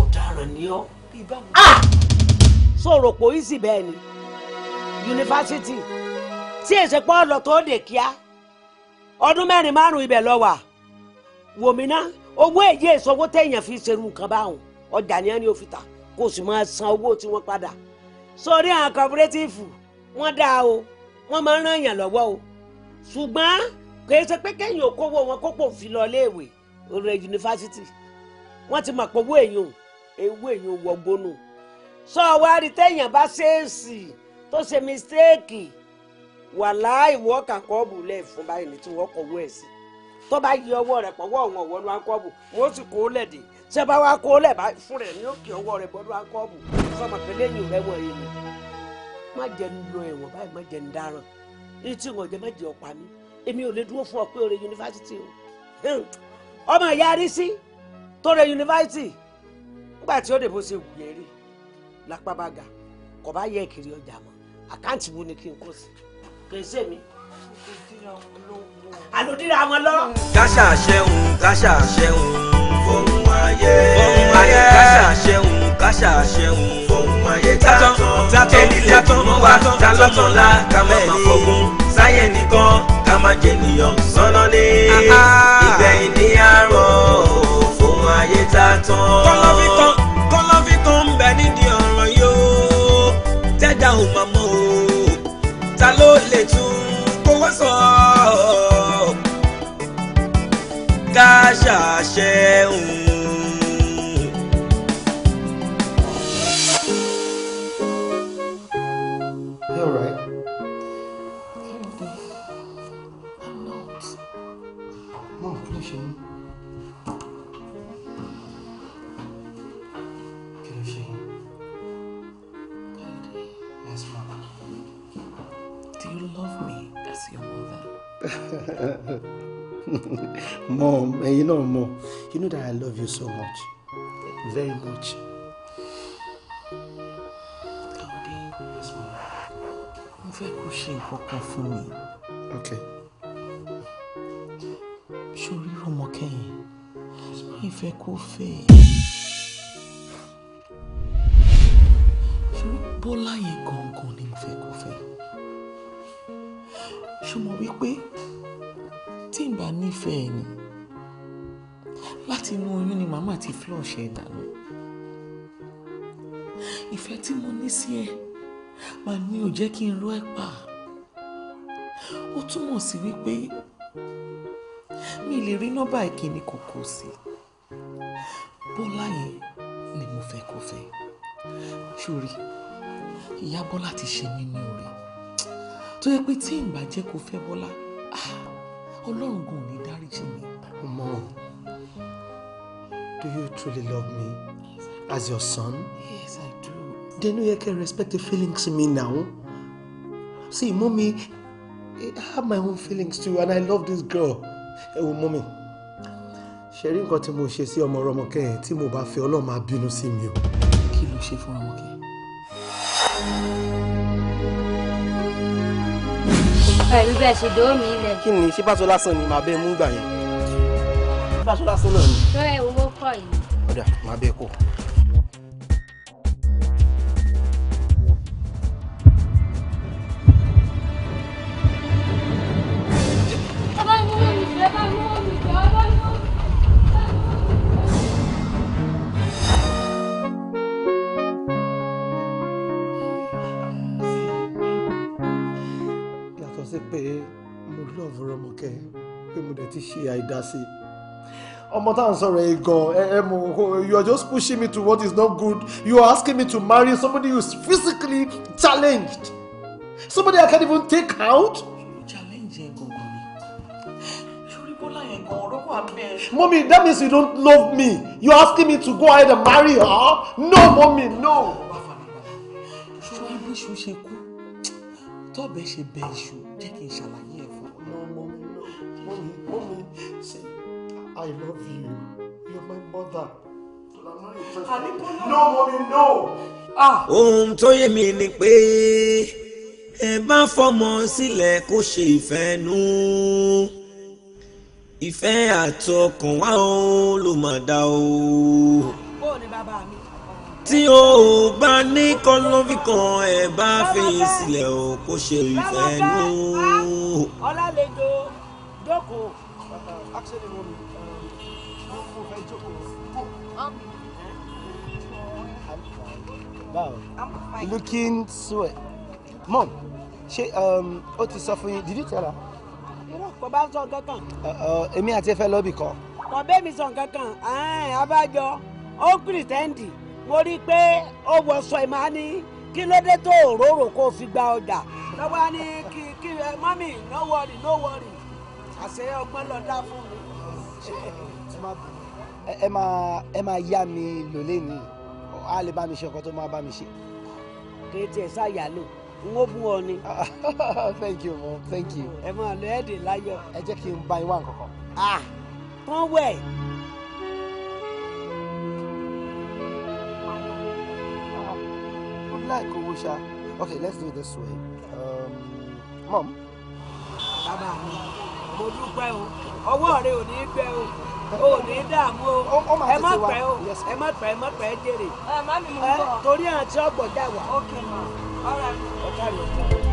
ọ̀daràn ni ọ́. sọ̀rọ̀ pò í sì bẹ́ẹ̀ ni yunifásitì tí èsèpọ̀ lọ tó dè kíá ọdún mẹ́rin márùn-ún ibẹ̀ lọ wà wòmínà owó èyí ìsanwó téèyàn fi ṣerú nǹkan báwọn ọjà ni wọn ni ó fi ta kó sì máa san owó tí wọ́n padà sórí àwọn kọfúrétìfù wọ́n dáa o wọ́n máa ń ràn yàn lọ́wọ́ o ṣùgbọ́n kìí ṣe pé kéèyàn ò kówó wọn kó pò fi lọ léèwé rẹ yunifásitì wọ́n ti mọ̀ pé owó èèyàn ewu èèyàn wọ gbónú sọ wá rí téèyàn bá ṣèèṣì tó ṣe mistéèkì wàhálà ìwọ kàkọ́ bùlẹ̀ fún báyìí tí wọ́n kọ̀wé ẹ̀ sí tó bá yẹ ọwọ́ rẹ̀ pọ̀wọ́ ọ̀wọ́ ló ankọ́bù wọ́n sì kó lẹ̀dẹ̀ ṣé bá wá kó lẹ̀ bá fún rẹ̀ ní òkè ọwọ́ rẹ̀ bọ́ ló sọmọ pẹ̀lẹ́ yìí rẹ̀ wọ̀ yìí má jẹ́ ń lọ ẹ̀wọ̀n báyìí má jẹ́ ń dáràn èyí tí jẹ́ má jẹ́ ọ̀pá mi èmi ò lè dúró fún ọ pé oore yunifásitì o ọmọ ìyá sí tó re yunifásitì nígbà tí ó dèbò ṣe wù lápá bá ga kò bá yẹ kiri ọjà mọ́ àkáǹtì wo ni kí n kó sí kì í ṣèmi àlòdìrà wọn lọ. káṣà ṣẹ́hun káṣà ṣẹ́hun fóun ayé fóun ayé káṣà ṣẹ́hun káṣà ṣẹ́hun fóun ayé tátán tátán tátán mọ́ wa tálọ́tàn la ká má má fọ́gun sáyẹ̀ nìkan ká má jẹ nìyàn sọ́nà ní ìgbẹ̀yìn ní àárọ̀ ayé tátán. kọ́lọ́ fi tán. ṣàṣẹ òun. [laughs] mom eh, you know, mom, you know that I love you so much very much. Okay. Bọ́lá yẹn gangan ni mo fẹ́ kó fẹ́ ṣọmọ wípé tí n bá nífẹ̀ẹ́ ni láti inú oyún ni màmá ti flush ẹ̀ dànù ìfẹ́ tí mo ní sí ẹ màá ní ò jẹ́ kí n rọ́ ẹ pa ó túmọ̀ sí wípé mi lè rí nọ́bà ìkíni kòkó sí bọ́lá yẹn ni mo fẹ́ kó fẹ́ ṣòrí ìyá bọ́lá ti ṣe mí ní orí tó yẹ pé tí n bá jẹ́ kó fẹ́ bọ́lá ọlọ́run kò ní dáríjì mi. Mom, do you truly love me as your son? Yes, I do. Then you can respect the feelings in me now. See, mommy, I have my own feelings too and I love this girl. Ẹ wo mommy, ṣe rí nǹkan tí mo ṣe sí ọmọ ọrọmọkẹ yẹn tí mo bá fẹ́ ọlọ́run máa bínú sí mi o. Kí ló ṣe fún ọmọkẹ? pẹ̀lú bẹ́ẹ̀ ṣe dòó mi ilẹ̀. kí ni ṣé bàtò lásán ni màá bẹ́ẹ̀ mú gbà yẹn bàtò lásán náà ni. tó ẹ owó kọ yìí. ọ̀dà màá bẹ́ẹ̀ kọ̀. kẹ́ pé mo dẹ̀ ti ṣe àìdásí ọmọ táwọn sọ̀rọ̀ yìí gan ẹ mo you are just pushing me to what is not good you are asking me to marry somebody who is physically challenged somebody I can't even take out. mommy that means you don't love me you are asking me to go ahead and marry her no mommy no. ṣọwọ́ ibi ṣe kú tọ́ọ̀bẹ jẹ́ kí n ṣàlàyé. Say, I love you. You're my mother. No, mommy, no. Ah. Ohun tó yé mi ni pé ẹ bá fọmọ sílẹ̀ kó ṣe ìfẹ́ nù. Ìfẹ́ àtọkànwá ó ló máa dá o. Tí o bá ní kọ́lọ́fì kan ẹ bá fi sílẹ̀ o kó ṣe ìfẹ́ nù. Ah, Ọlálejò jókòó. Um, um, um, looking sweet. Mom, ṣé o ti sọ fún yín? Did you tell her? Irọ́ kò bá sọ nǹkan kan. Uh, uh, èmi àti Efe lọ́bì kan. Kò bẹ́ẹ̀ mi sọ nǹkan kan. Abájọ, ó pìrìtẹ́ndì. Mo rí i pé ó wọṣọ ìmáa ní kí ló dé tó òróró kó o fi gba ọjà lọ́wọ́ ni kí kí mọ́mì no worry no worry àṣẹ ọgbọ́n lọ dá fún mi ẹ máa ẹ máa yá mi lò lẹ́nu a lè bá mi ṣe ọkọ tó máa bá mi ṣe. kéétì ẹ ṣàyàlò n ó bú ọ ni. [laughs] thank you mom thank you. ẹ máa lọ ẹ́ dè ẹ jẹ́ kí n bá yín nǹkan kan. ah kán wẹ̀. good luck owó ṣá okay let's do this way um, mom. bàbá mi mo dúpẹ́ o ọwọ́ rẹ ò ní í gbẹ o o ò ní í dààmú o ẹ má pẹ́ o ẹ má pẹ́ ẹ má pẹ́ jèrè torí àti ọgbọ̀n dà wá ọ̀tá rẹ̀ ọ̀tá rẹ̀.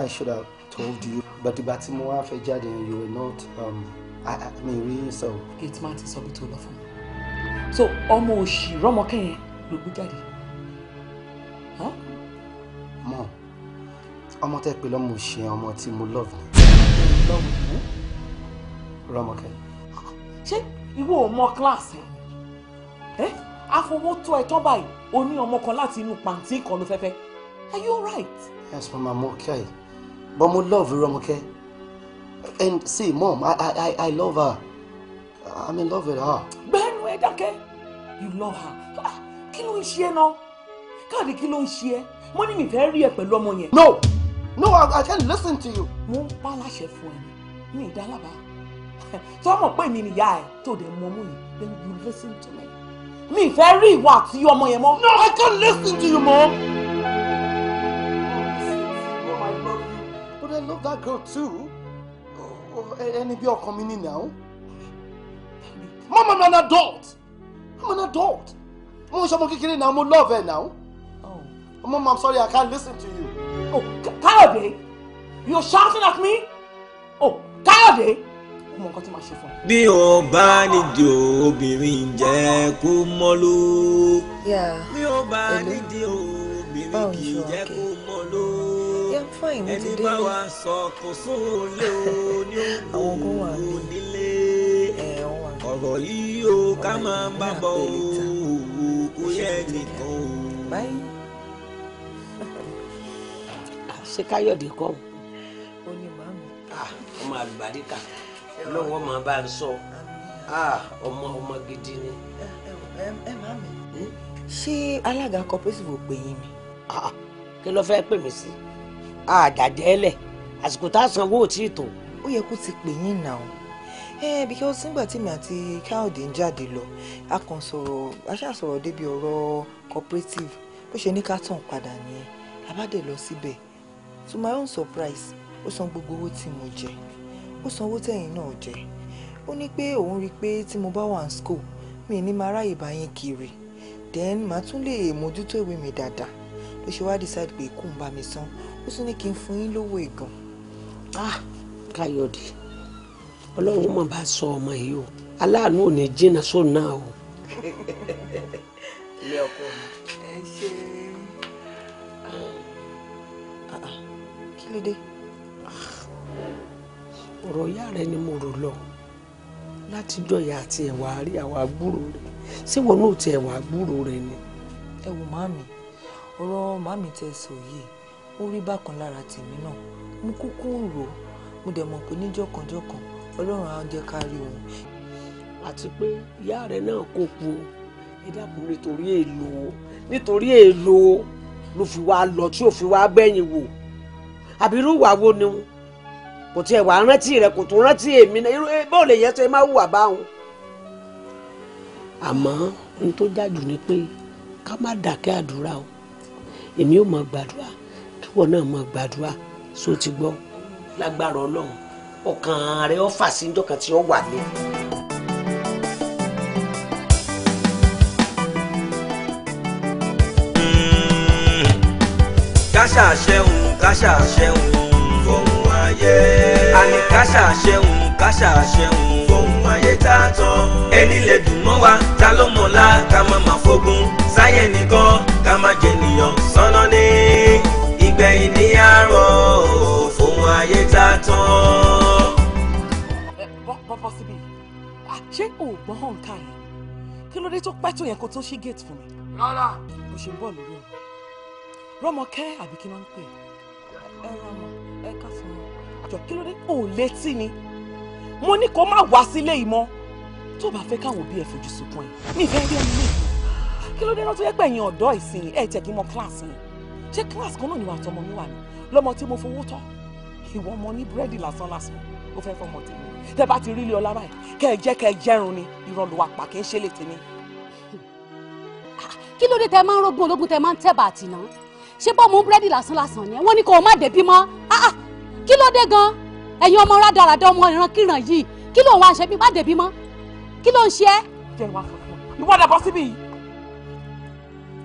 I should have told you but the tí mo and you were not um, mi rí yín sọ. gate man ti sọ bí tó lọ fún mi so ọmọ òṣì rọmọkẹ look ló daddy. Huh? Mom, I'm not pé lọmọ òṣì ọmọ tí mo love ni. lọ́wọ́ rọmọkẹ. ṣé ìwọ ò mọ kíláàsì ẹ afọwọ́tò ẹ̀ tán báyìí o ní ọmọ kan láti inú pàǹtí kan ló fẹ́fẹ́ are you alright? yes mama mo okay but mo love Romoke and see mom I, I I I love her I'm in love with her. gbẹ́nu ẹ dákẹ́ you love her ah, kí ló ń ṣe ẹ náà káàdì kí ló ń ṣe ẹ mo ní mi fẹ́ rí ẹ pẹ̀lú ọmọ yẹn. no no I, I can't listen to you. mo ń pa láṣẹ fún ẹ ní ìdálábà tọmọ pé mi nìyá ẹ tó dẹ mọ mú yìí then you listen to me mi fẹ́ rí ìwà àti ọmọ yẹn mọ́. no I can't listen to you mom. love that girl too. Ẹni bí ọkàn mi now. Mama, I'm an adult. I'm an adult. Mo ń ṣọmọ kékeré now, mo love her now. Oh. Mom, I'm sorry, I can't listen to you. Oh, Káyọ̀dé, you're shouting at me? Oh, Káyọ̀dé mọ nǹkan tí màá ṣe fún bí o bá nídìí obìnrin jẹ́ kó mọ́ ló. bí o bá nídìí obìnrin oh, kì í jẹ́ kó mọ́ ló fine mo ti délé. ẹni bá wa sọ kò sóòlé o ní òwò [laughs] onílé ọ̀rọ̀ yìí o ká máa bá bọ̀ o kò yẹ nìkan o. Ah, ṣé káyọ̀dé kọ́ o. ó ní màmí. Ah, ọmọ àlùbáríkà lọ́wọ́ máa bá ń sọ ah, ọmọ ọmọ gidi ni. ẹ màmí hmm? ṣé alága cooperative ò pè yín mi. kí ló fẹ́ pè mí sí. Si? àdàjẹ́lẹ̀ àsìkò tá a sanwó ò tí ì tó. ó yẹ kó ti pè yín náà ẹ because nígbà tí mi àti káyọ̀dé ń jáde lọ a kàn sọ̀rọ̀ a ṣáà sọ̀rọ̀ débi ọ̀rọ̀ cooperative bó ṣe ní ká tàn padà nìyẹn a bá dẹ̀ lọ síbẹ̀ to my own surprise ó san gbogbo owó tí mo jẹ ó san owó tẹ̀yìn náà jẹ ó ní pé òun rí i pé tí mo bá wà ní school mi ní máa ráyè bá yín kiri then màá tún lè mójútó ìwé mi dáadáa ló ṣe wá decide pé kóun bá mi san ó sì ní kí n fún yín lówó ìgàn. ah káyọ̀dé ọlọ́run mọ̀ bá sọ ọmọ yìí o aláàánú ò ní jìnnà sóun náà o. ilé ọkọ ẹ ṣe ah, ah, kí ló dé. ọ̀rọ̀ ìyá rẹ ni mo rò lọ láti jọyà àti ẹ̀wà àárí àwọn àgbúrò rẹ ṣé wọn náà ti ẹ̀wà àgbúrò rẹ ni. ẹ wò màmí ọ̀rọ̀ màmí tẹ sọ yìí ó rí bákan lára tèmi náà mo kúkú rò ó mo dẹ̀ mọ̀ pé níjọ̀kanjọ̀kan ọlọ́run á jẹ́ ká rí òun. àti pé ìyá rẹ náà kò kú ẹ dákun nítorí èèlò nítorí èèlò ló fi wá lọ tí ò fi wá bẹ́yìn wò àbírú wà wo ni kò tiẹ̀ wá rántí rẹ kò tún rántí èmi náà eh, bọ́ọ̀ lè yẹn ṣe máa wù wá báwọn. àmọ́ n tó jájú ni pé ká má dàkẹ́ àdúrà o èmi ò mọ̀ gbàdúrà wọn náà mọ gbàdúrà só ti gbọ́ lágbára ọlọ́run ọkàn rẹ ọ fà sí njọ́kan tí ó wà ní. káṣà ṣẹ́hùn káṣà ṣẹ́hùn fọ̀hùn ayé. àní káṣà ṣẹ́hùn káṣà ṣẹ́hùn ẹni lè dùn mọ́ wa ta ló mọ̀ la ká má má fogun sáyẹn nìkan ká má jẹ nìyàn sọ́nà ni gbẹ̀yìn ní àárọ̀ fòun ayé ta tán. bọ́bọ́ síbí ah, ṣé oògbọ́n hàn ká yẹn kí ló dé tó pẹ́ tó yẹn kó tó ṣí gate fún mi. rárá. mo ṣe ń bọ̀ lórí ẹ̀ rọ́mọkẹ́ àbí kí ló ń pè é ẹ ra mọ ẹ ká fún mi jọ kí ló dé ò létí ni mo ní kó má wá sílé yìí mọ́ tó bá fẹ́ káwọn òbí ẹ̀ fojú sunkún ẹ̀ ní ìfẹ́ rí ẹni mi kí ló dé náà tó yẹ pé ẹ̀yin ọ̀dọ́ ìsìn ẹ̀ tẹ̀ kí mọ kíláàsì yẹn ṣé kíláàsì kan náà ni wà tọmọ mi wà ní lọmọ tí mo fowó tọ ìwọ ọmọ ní búrẹ́dì lásán lásán ó fẹ́ fọmọ tèmi tẹ bá ti rí ilé ọlá báyìí kẹ ẹ jẹ kẹ ẹ jẹrun ni irọ́ ló wà pa kí n ṣe lè tèmi. [laughs] kí ló dé tẹ máa ń rógun ológun tẹ máa ń tẹ̀bà àtìná ṣé bọ́ọ̀mù búrẹ́dì lásán lásán ni wọ́n ní kò má débí mọ́ ah, ah. kí ló dé gan ẹ̀yin ọmọ rádaràdà ọmọ ìrankíran yìí kí ló ń wá ṣe bí má débí mọ́ kí ló ń ṣe é. ìwọ dàbọ̀ síbí yìí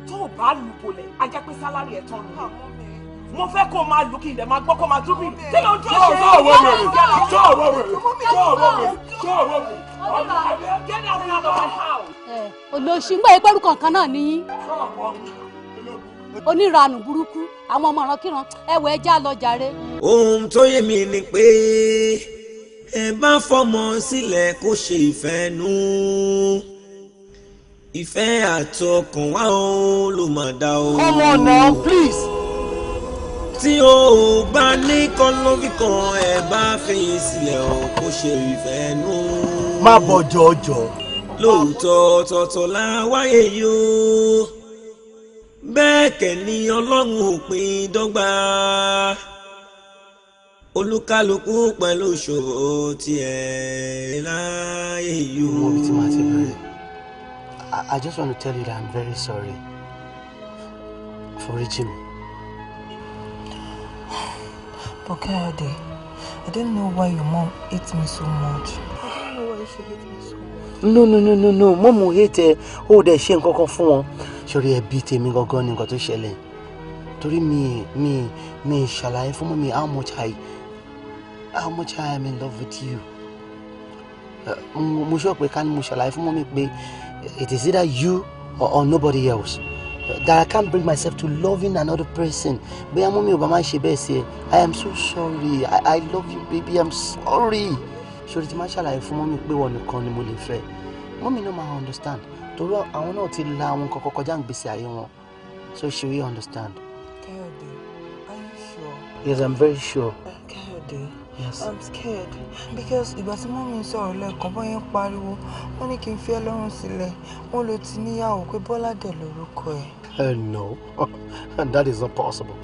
tó o bá lù bolẹ̀ ajá pé sálárì ẹ̀ tán nù mo fẹ́ kó máa lù kí ilẹ̀ máa gbọ́ kó máa dúbì kí ló ń dúró ṣe é ọwọ́ rẹ̀ ṣọ́ ọwọ́ rẹ̀ ṣọ́ ọwọ́ rẹ̀ ṣọ́ ọwọ́ rẹ̀ olóṣù ń gbọ́ ìpẹ́rù kankan náà nìyí oníranù burúkú àwọn ọmọ ìrankíran ẹwọ ẹja lọ jàre. ohun tó yé mi ni pé ẹ bá fọmọ sílẹ̀ kó ṣe ìfẹ́ nù. No ìfẹ́ àtọkàn wá ó ló mà dá o. come on now please. tí o bá ní kọ́lọ́fì kan ẹ bá fèyí sílẹ̀ o kó ṣe ìfẹ́ nù. má bọ̀ jọjọ. lóòótọ́ tọ̀tọ̀ la wáyé yóò bẹ́ẹ̀ kẹ̀ ni ọlọ́run ò pín dọ́gba olúkálukú pẹ̀lú ìṣòro tiẹ̀ láyé yóò. mo bí ti I, I just want to tell you that I'm very sorry. Foríjì mí. But Kayode, I didn't know why your mom hates me so much. I don't know why she hates me so much. No, no, no, no, no. Mom will hate her. Oh, there Ó dẹ̀ ṣe nǹkan kan fún wọn. Sori ẹbí tèmi gangan go to tó ṣẹlẹ̀. me, me, me. Shall I inform me how much I how much I am in love with you. Uh, Mo sọ pé ká ní mo Shall I inform me? it is either you or, or nobody else that I can't bring myself to loving another person bóyá mú mi ò bá má ṣe bẹ́ẹ̀ sí I am so sorry I, I love you baby I am sorry ṣòro tí má ṣàlàyé fún mọ́mí pé wọn nìkan ni mo lè fẹ́ mọ́mí náà máa understand torí àwọn náà ti la àwọn nǹkan kọjá gbèsè ayé wọn so she will understand. Kayode are you sure. yes I am very sure. Kayode. Yes. I'm scared because ìgbà tí mọ́mí sọ̀rọ̀ lẹ́ẹ̀kan bọ́yẹn pariwo wọ́n ní kí n fi ẹ́ lọ́rùn sílẹ̀ wọ́n ló ti níyàwó pé Bọ́lá dẹ̀ lórúkọ ẹ̀. Eh, no, [laughs] that is not possible.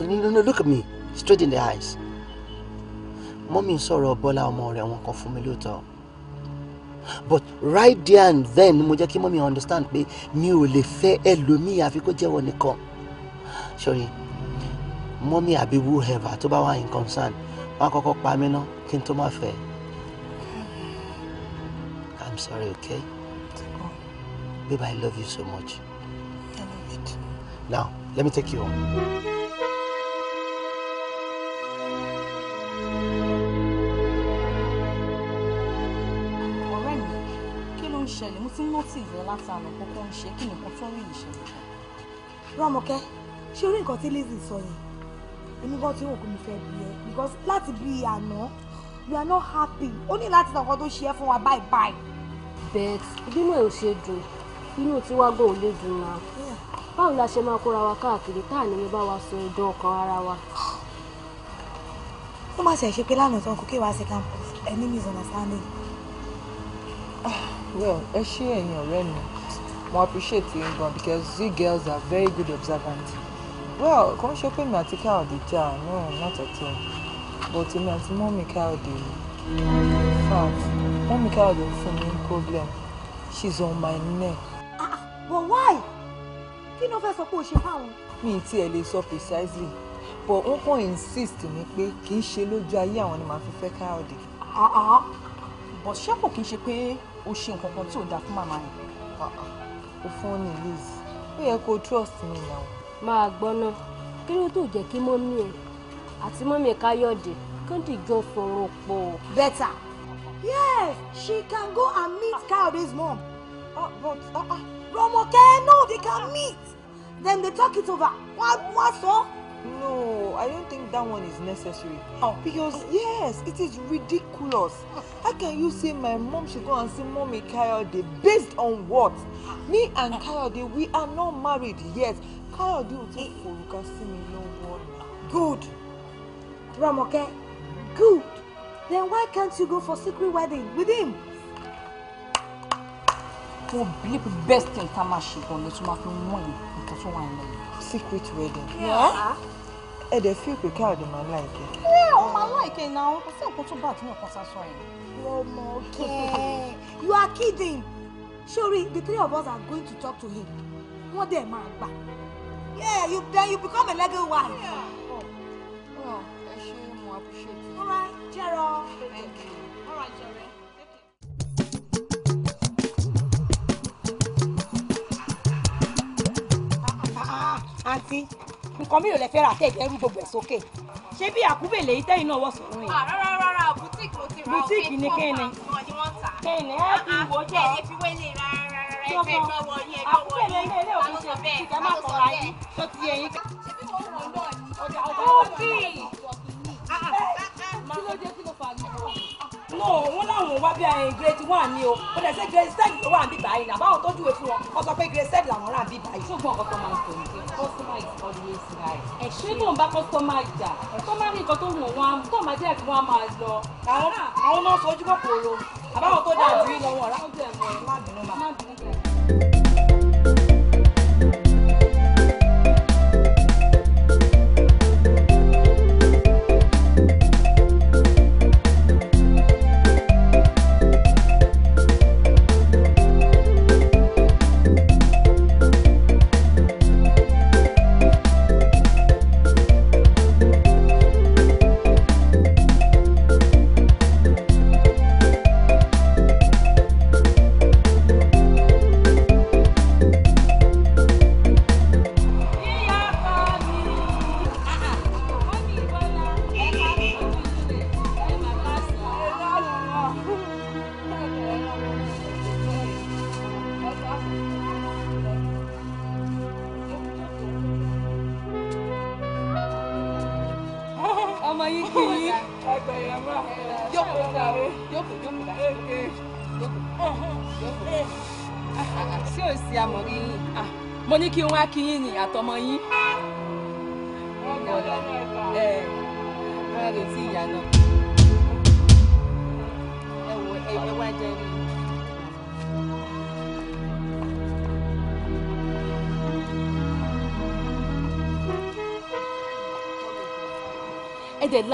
no, look at me straight in the eyes. Mọ́mí sọ̀rọ̀ Bọ́lá ọmọ rẹ̀ wọn kan fún mi lóòótọ́. But right there and then mo jẹ́ kí mọ́mí understand pé mi ò lè fẹ́ ẹlòmíì àfi kó jẹ́wọ́ nìkan. Sorry mọ́mí àbí whoever tó bá wà in concern wọ́n á kọ́kọ́ pa mí ná kí n tó má fẹ́. I'm sorry, okay? Babe, I love you so much. I love you too. Now, let me take you home. ṣẹlẹ̀ mo ti ń notice ẹ látàánà kókó ń ṣe kí nìkan tó rí ìṣẹ̀lẹ̀. Rọ́mọkẹ́ ṣé orí nǹkan tí Lizzy sọ yẹn èmi gan ti rò pé fẹ́ bí ẹ because láti bí àná we are not happy ó ní láti tàn kan tó ṣe é fún wa bye bye. bet bínú ẹ ò ṣe dùn inú tiwa gan ò lè dùn náà báwo la ṣe máa kóra wa káàkiri tá à ní bá wa sọ ẹ̀dùn ọkàn ara wa. ó má ṣe ṣe pé lánàá tó ń kókè wá sí campus ẹni mi ìzọ̀nà sunday. well ẹ ṣé ẹ̀yin ọ̀rẹ́ mi mo appreciate you gan because you girls are very good observant well kò ń ṣe pé mi àti the jà no not at all but me èmi àti mọ́mí the in fact mọ́mí káyọ̀dé the mi problem she's on my neck. ah, ah but why kí ni wọ́n fẹ́ sọ pé o ṣe fáwọn. mi ì tiẹ̀ lè sọ precisely but wọ́n kàn insist ni pé kì í ṣe lójú ayé àwọn ni màá fi fẹ́ káyọ̀dé. ah ah, ah. but ṣé kò kí n ṣe pé o ṣe nǹkan kan tí ò dáa fún màmá yẹn. o ah, fún ni Liz ó yẹ kó trust me now máa gbọ́ná kí ló tó jẹ́ kí mọ́mí ẹ̀ àti mọ́mí káyọ̀dé kandi jọ sọ̀rọ̀ pọ̀. better yes she can go and meet kayode's mom uh, but uh, uh, romoke no they can meet then they talk it over wọ́n wọ́n sọ. no i don't think that one is necessary. Oh. because yes it is ridiculous how can you say my mom should go and see mommy kayode based on what me and kayode we are not married yet káyọ̀dé ò tún forúkọ sí mi lọ́wọ́ ọ̀la. good Ramoke good then why can't you go for secret wedding with him. mo believe the best in tá a máa ṣe gan-an lè tún máa fi mú ẹ̀ nǹkan tó wà nílẹ̀. secret wedding. ẹ dẹ̀ fi ìpè káyọ̀dé máa láìkẹ́. ẹ ọ máa láìkẹ́ ìnáwó kò sí nǹkan tó bá àdínà kan sá yẹn. Ramoke you are kidding. Sori, the three of us are going to talk to him. Wọ́n dẹ̀ máa gbà. Yeah, you then you become a legal wife. Yeah. Oh. Well, I sure will appreciate you. All right, Gerald. Thank you. All right, Gerald. àǹtí nǹkan mi ò lè fẹ́ ra tẹ̀gbẹ́ rú gbogbo ẹ̀ sókè ṣé bí àkúbè lèyí tẹ́yìn náà wọ̀ sọ̀rọ̀ yìí. Ah, rárá rárá boutique ló ti ra boutique ni kéènì kéènì ah, ẹ fi wò jẹ́ ẹ fi wélé e rárá tó gan àkúrẹ́lẹ̀ ilé ilé òkú ṣe ṣìkẹ́ má sọ̀rọ̀ ayé tó ti yẹ yín. ó kí ló dé kí ló fà á no wọn láwọn wá bí ẹyin grade one ni o ó dẹ̀ ṣe grade seven ló wà níbí báyìí náà báwọn tó júwe fún wọn wọ́n sọ pé grade seven làwọn rà níbí báyìí. ṣùgbọ́n ọkọ̀ tó máa ń pè ní pé customer is always right. ṣé tó ń bá customer jà tó máa ní nǹkan tó wù wọn tó máa jẹ́ kí wọ́n máa lọ. àwọn náà sojú kòkòrò àbáwọn tó dáa jù yín lọ́wọ́ ọ̀rá. má bínú má bínú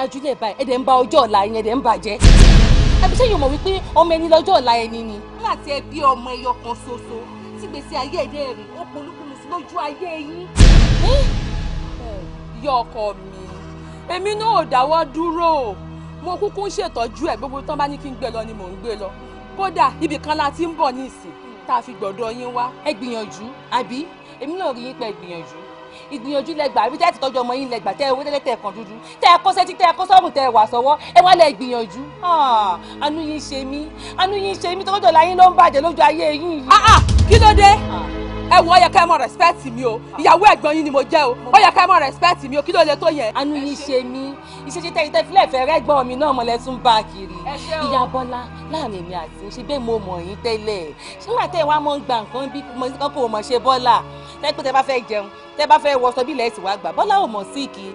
lajú lẹ̀ báyìí ẹ̀dẹ̀ ń ba ọjọ́ ọ̀la yẹn ẹ̀dẹ̀ ń bàjẹ́ àbí ṣé mọ̀ wípé ọmọ ẹni lọ́jọ́ ọ̀la ẹni ni. nígbà tí ẹ bí ọmọ ẹyọ kan ṣoṣo tí gbèsè ayé ẹ̀dẹ́ rè ó polúkúlù sí lójú ayé yín. yọ ọkọ mi èmi náà ò dáwọ́ dúró mo kúkú ń ṣètọ́jú ẹ̀ gbogbo tán bá ní kí n gbé lọ ni mò ń gbé lọ kódà ibì kan la ti ń bọ̀ ní ìsìn tá a fi gbọ̀dọ̀ yín wá ẹ gbìyànjú àbí èmi náà rí yín pẹ́ gbìyànjú ìgbìyànjú lẹgbà àbí tẹ́ ẹ ti tọ́jú ọmọ yín lẹgbà tẹ́ ẹ wọlé tẹ́ ẹ kàn dúdú tẹ́ ẹ kó sétí tẹ́ ẹ kó sọ́ọ̀mù tẹ́ ẹ wà sọ́wọ́ ẹ wá lẹ ìgbìyànjú àánú ah, yín ṣe mí àánú yín ṣe mí tọ́jọ́ la yín ló ń bàjẹ́ lójú ayé yín ah, ah, kí ló dé ẹ wò ó yẹ ká respect mi o ìyàwó ẹ̀gbọ́n yín ni mo jẹ́ o ó yẹ ká respect mi o kí ló lè tó yẹn. Anu yín ṣe mí ìṣèṣe tẹ ìtẹ fílẹ̀ fẹ́ rẹ́gbọ́n mi náà mọ̀lẹ́ tún bá a kiri ìyá bọ́lá láàrin èmi àti ṣe bẹ́ẹ̀ mo mọ̀ yín tẹ́lẹ̀ ṣé wà tẹ́ wá mọ́ ń gba nǹkan bí kọ́kọ́ mọ̀ ṣe bọ́lá tẹ́ pé tẹ́ bá fẹ́ jẹun tẹ́ bá fẹ́ wọṣọ bí ilẹ̀ ti gbà bọ́lá ò mọ̀ síìkì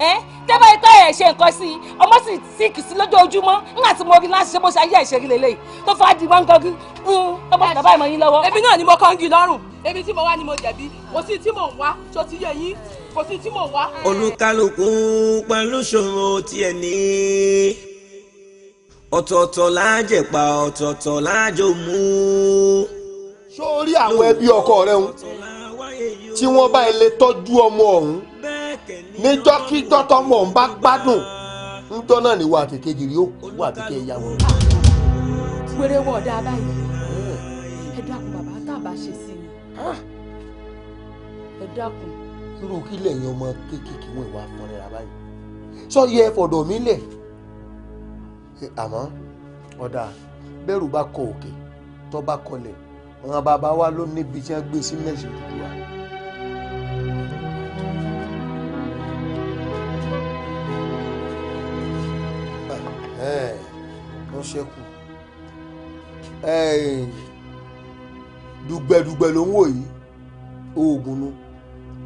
ẹ tẹ́ bá yẹ pé ẹ̀ ṣe nǹkan sí i ọmọ sì síkì sí lójoojúmọ́ nígbà tí mo rí láti ṣe bó ṣe ayé àìṣeré lélẹ́yìí tó fà á di wọn gangi ń ọmọ bàbá ìmọ̀ yín lọ́wọ́. èmi náà ni mo kọ́ńgì lọ́rùn èmi tí mo wá ni mo jẹ̀bi kò sí tí mò ń wá tó ti yẹ yín kò sí tí mò ń wá. olúkálùkù pẹ̀lú ṣòro tiẹ̀ ní ọ̀tọ̀ọ̀tọ̀ lájẹ̀pá ọ̀tọ̀ọ̀tọ̀ lájò mú. sórí àwọn ẹbí ọkọ rẹ níjọ́kíjọ́ tọmọ ń bá gbádùn ńjọ́ náà ni wà á tètè jìrì ó kú wà á tètè yà wọ́n. wéré wọ̀ ọ̀dà báyìí ẹ dákun bàbá tá a bá ṣe sí ni ah! ẹ dákun. irú kí lẹ́yìn ọmọ kéékèèké wọn ìwà fọlẹ́ra báyìí sọ yẹ fọ̀dọ̀ mi lẹ̀ àmọ́ ọ̀dà bẹ́rù bá kọ òkè tó bá kọlẹ̀ àwọn bàbá wa ló níbi tí wọ́n gbé sí mẹ́sì dùdú wa. ló ṣẹ́kù dùgbẹ̀dùgbẹ̀ ló ń wò yìí oògùn nu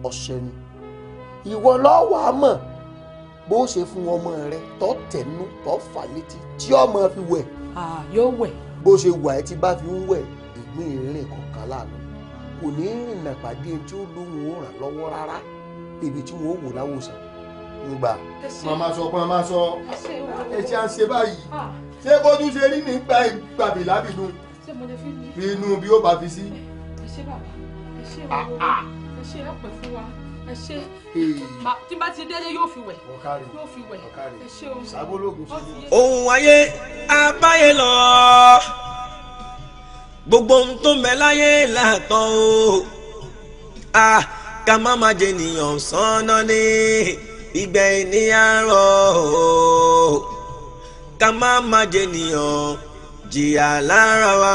ọ̀sẹ̀ ni ìwọ lọ́wọ́ á mọ̀ bó ṣe fún ọmọ rẹ tó tẹ̀nu tó fà létí tí ọmọ fi wẹ̀. yóò wẹ̀. bó ṣe wà ẹ́ tí bá fi ń wẹ̀ ìgbín ìrìn kọ̀ọ̀kan láàánú kò ní rìnnà pàdé tí ó lóhùn ó ràn lọ́wọ́ rárá débi tí wọ́n ó wò láwòsàn ngbà màmá sọ pé màmá sọ ẹ ṣe à ń ṣe báyìí ah. ṣé bójú ṣe rí nígbà ìgbàbí lábìnú inú bí ó bá fi sí. ẹ bàbá ẹ ṣe òwò ah, ah. ẹ fún wa tí bá ti délé yóò fi wẹ̀ yóò fi wẹ̀ ohun ayé abáyé lọ gbogbo ohun tó mẹ láyé làtọ̀ o ká má má jẹ nìyàn sọ́nà ni ìgbẹ̀yìn ní àárọ̀ o ká má má jẹ nìyàn jìyà lára wa.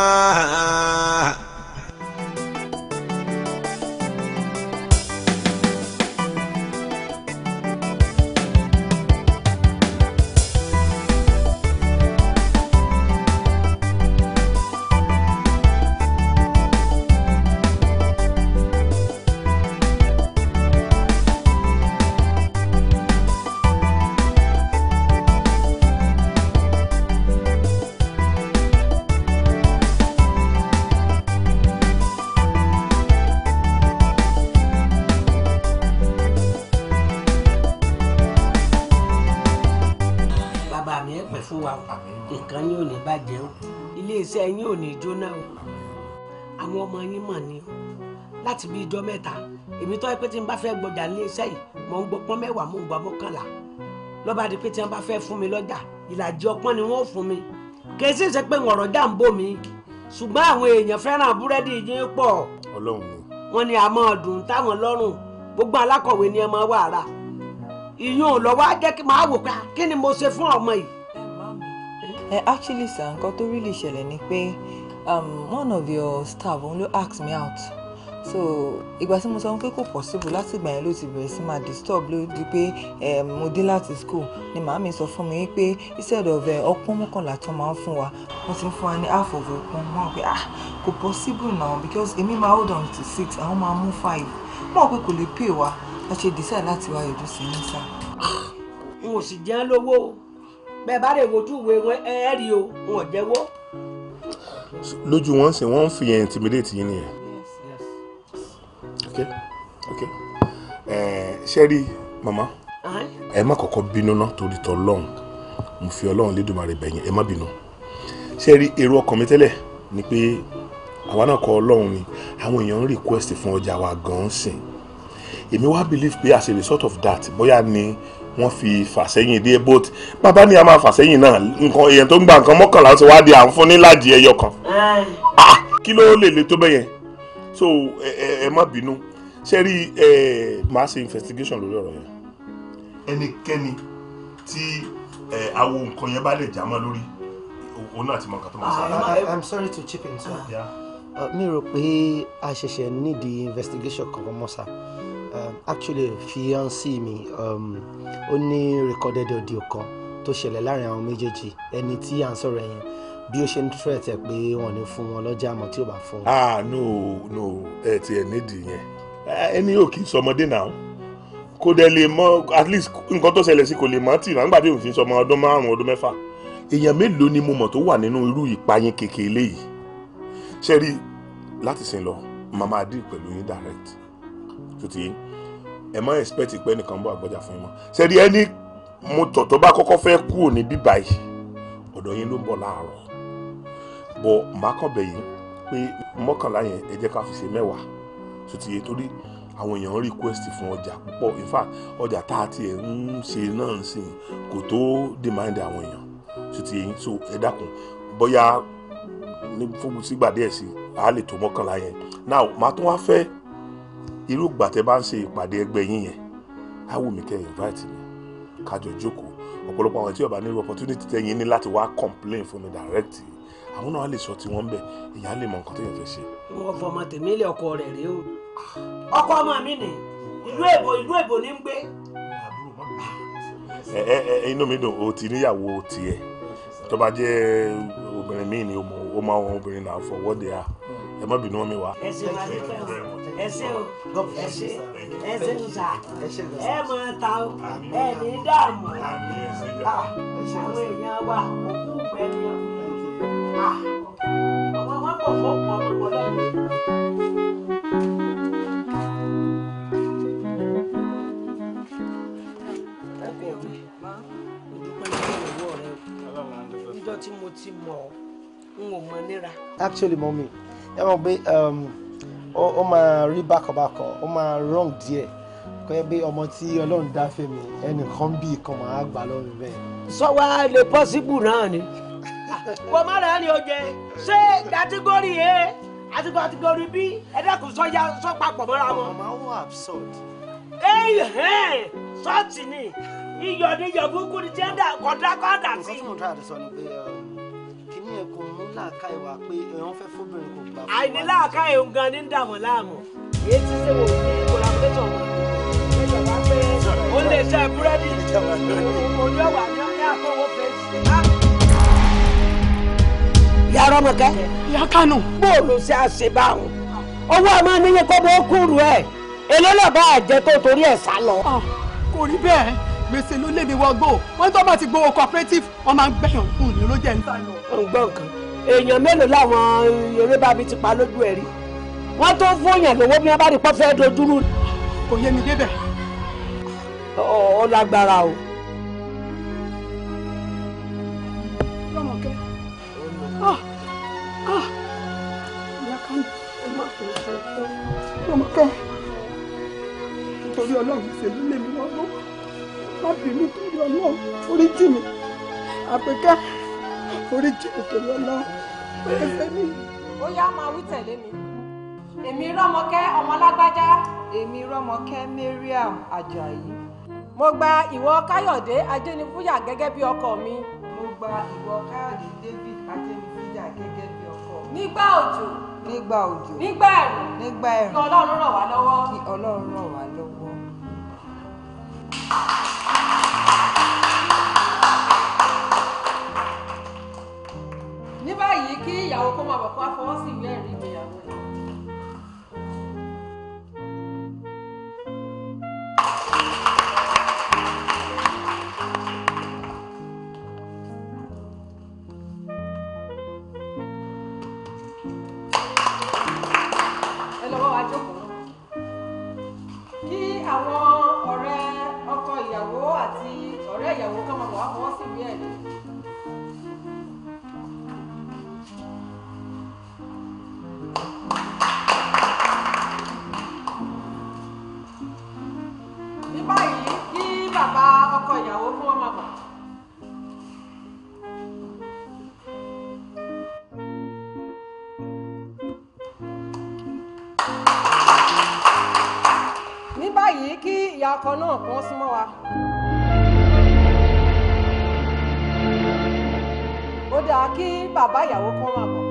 iṣẹ́ yín ò ní jóná o àwọn ọmọ yín mọ̀ ni o láti bí ijọ́ mẹ́ta èmi tó yẹ pé tí n bá fẹ́ gbọ́jà ní iṣẹ́ yìí mò ń gbọ́pọ́n mẹ́wàá mò ń gbọ́ mọ́kànlá lọ́ba di pé tí wọ́n bá fẹ́ fún mi lọ́jà ìlàjì ọpọ́n ni wọ́n fún mi kì í sì ṣe pé ọ̀rọ̀ jà ń bò mí ṣùgbọ́n àwọn èèyàn fẹ́ràn búrẹ́dì yín pọ̀ ọlọ́run ni wọ́n ní àmọ́ ọdún táwọn lọ́rùn gbogbo alákọ̀wé ni ẹ máa wà rà ìyún lọ́wọ́ á jẹ́ kí máa wò pé ah, kí ni mo ṣe fún ọmọ yìí ẹ actually sir nǹkan tó really ṣẹlẹ̀ ni pé um, one of your staff òun ló ask me out so ìgbà tí mo sọ pé kò possible láti ìgbà yẹn ló ti bẹ̀rẹ̀ sí máa disturb ló di pé um, mo dé láti school ni màámi sọ fún mi pé instead of eh, ọpọ́n mọ́kànlá tó máa ń fún wa wọ́n ti ń fún wa ní half of ọpọ́n mọ́ pé ah kò possible now because èmi máa hold on to six àwọn máa mú five mọ̀ pé kò lè pay wa la ṣe decide láti wá yọjú sí ní sáà. Ah, n ò sì jẹ́ lówó o bẹ́ẹ̀ bá lè wojú ìwé wọn ẹ ẹ rí o wọn jẹ́wọ́. lójú wọn sì wọn ń fi yẹn intimidate yín nìyẹn. ok ok ṣe rí màmá ẹ má kọ́kọ́ bínú ná torí tọ́ lọ́hùn mo fi ọlọ́run lédùmarè bẹ̀yìn ẹ má bínú ṣe rí èrò ọkàn mi tẹ́lẹ̀ ni pé àwa náà kọ ọlọ́run ni àwọn èèyàn ń request fún ọjà wa gan-an sìn èmi wá believe pé as a result of that bóyá ni wọ́n fi fàsẹ́yìn dé bóòtù bàbá ni a máa fàsẹ́yìn náà nǹkan èèyàn tó ń gba nǹkan mọ́kànlá ti wá di à ń fún ní láàjì ẹyọ kan ah, kí ló lè le tó bẹ́yẹn so ẹ ẹ ẹ má bínú ṣe rí ẹ máa ṣe investigation lórí ọ̀rọ̀ yẹn. ẹnikẹ́ni tí ẹ awo nǹkan yẹn bá lè já mọ́ lórí òun náà ti mọ tó máa ṣe. I'm sorry to chip in sir uh, mi rò pé a ṣẹ̀ṣẹ̀ nídìí investigation kankan mọ́ sá um, actually fiance mi um, ó ní recorded audio kan tó ṣẹlẹ̀ láàrin àwọn méjèèjì ẹni tí à ń sọ̀rọ̀ yẹn bí ó ṣe ń threat ẹ pé wọn ní fún wọn lọ́jà àmọ́ tí ò bá fún ah no no ẹ ti ẹ nídìí yẹn ẹni yóò kì í sọmọdé náà kó dẹ lè mọ at least nǹkan tó ṣẹlẹ̀ sí kò lè mọ́ tì náà nígbà tí òun fi ń sọmọ ọdún márùn-ún ọdún mẹ́fà èèyàn mélòó ni mo mọ̀ tó wà nínú irú ìpayín kékeré yìí ṣe rí láti sìn lọ màmá adé pẹ̀lú yín direct tó ti ẹ má expect pé ẹnìkan bọ́ àgbọ̀jà fún yín mọ́ sẹ́ni ẹni mo tọ̀ tó bá kọ́kọ́ fẹ́ kúrò ní bíbá yìí ọ̀dọ̀ yín ló ń bọ̀ láàárọ̀ bọ̀ màákànbẹ̀ yìí pé mọ́kànlá yẹn ẹ jẹ́ ká fi ṣe mẹ́wàá tó ti yẹ torí àwọn èèyàn request fún ọjà púpọ̀ in fact ọjà tá a tiẹ̀ ń ṣe náà ń sìn kò tó demand àwọn èèyàn tó ti yẹ so ẹ dákun bóyá ní fún sígbà díẹ̀ sí i a lè tó mọ́kànlá yẹn now màá tún wá fẹ́ irú ìgbà tẹ bá ń ṣe ìpàdé ẹgbẹ́ yín yẹn á wù mí kẹ́ invite mi kájọ jókòó ọ̀pọ̀lọpọ̀ àwọn tí ó bá ní opportunity tẹ́yìn ní láti wá complain fún mi direct àwọn náà lè sọ tiwọn bẹ̀ èèyàn á lè mọ nǹkan téèyàn fẹ́ ṣe. wọn fọmọ tèmi lé ọkọ rẹ rèé o ọkọ ọmọ mi ni ìlú èbó ìlú èbó ní ń gbé. ẹ ẹ ẹ inú mi dùn o ti níyàwó tiẹ̀ tó bá jẹ́ obìnrin míì ni o mọ àwọn obìnrin náà fọwọ́ de a. ẹ má bínú mi wá. ẹ ṣe wà ní pẹ́ o ẹ ṣe o ẹ ṣe ẹ ṣe ń sà ẹ máa ta o ẹ ní dààmú ah, ah, àwọn èèyàn wa òkú pẹ́ ọmọ ah, wọn pọ̀ fọ́ pọ̀ pọ̀ lẹ́nu. actually mommy ẹ mọ̀ pé um, ó máa rí bákọ̀bákọ̀ ó máa wrong díẹ̀ kọ́ ẹ bí ọmọ tí ọlọ́run dá fẹ́mi ẹnìkan bí ìkan máa gbà lọ́rùn bẹ́ẹ̀. sọ wá lè pọ́sibù náà ni. wọ́n má rẹ̀ ní oje ṣé kàtígórì A àti kàtígórì B ẹ dákun sọ́jà sọ papọ̀ mọ́ra wọn. màmá wọn absurd. ẹ̀hẹ́n sọ́ọ̀tì ni iyọ̀ ni yọ̀ búkú ni jẹ́ńdà kọ̀dákọ́dà sí. nǹkan tí mo tọ́ àdìsọ ni pé um, ẹ̀kún mú làákà ìwà pé ẹ̀hún fẹ́ fóbìnrin kò gbà fún wa. àìní làákà ẹ̀hún gan ní dààmú láàmú èyí ti ṣe wò ní ìkọlà pẹ̀tọ̀ wọn ìjọba ó lè ṣe búrẹ́dì òní ọ̀wà ni ọ̀kẹ́ àkọ́wọ́ fẹ́ẹ́ ìyá ọmọkẹ́ ìyá kánú bóòlù sí àṣebáhùn owó ọmọ níyẹn kọ́ bó kúrú ẹ̀ èlé lọ́ba àjẹ tó torí ẹ̀ sá lọ. Ah, kò rí bẹ́ẹ̀ gbèsè ló lé mi wọgbó wọn tó bá ti gbowó cooperative wọn máa ń gbẹyàn fún mi ló jẹ ń sá lọ. ǹgbọ́n kan èèyàn mélòó làwọn eré bábí ti pa lójú ẹ̀ rí wọ́n tó fún yàn lówó bí wọ́n bá rí pọ́ fẹ́ dojúrú. kò yé mi débẹ̀. ó lágbára o. Ọmọkẹ́ ah, ah. nítorí Ọlọ́run ṣèlú lèmi má bínú torí ọlọ́ orí jì mí àpèkẹ́ orí jì mí torí ọlọ́ ẹsẹ̀ mi. ó yá máa wí tẹ̀lé mi èmi rọ́mọkẹ́ ọmọlágbájá èmi rọ́mọkẹ́ Mariam Ajayi. mo gba ìwọ Káyọ̀dé ajénifúyà gẹ́gẹ́ bí ọkọ mi. mo gba ìwọ Káyọ̀dé David ajénifúyà gẹ́gẹ́ bí ọkọ mi. nígbà òjò. nígbà òjò. nígbà ẹ̀rùn. nígbà ẹ̀rùn. kí Ọlọ́run ràn wá lọ́wọ́. kí Ọlọ́run ràn wá lọ́wọ́ ní báyìí kí ìyàwó kó máa bọ̀ kó fọwọ́ sí ìwé ẹ̀rí mi. ó dáa kí bàbá ìyàwó kan wà mọ́.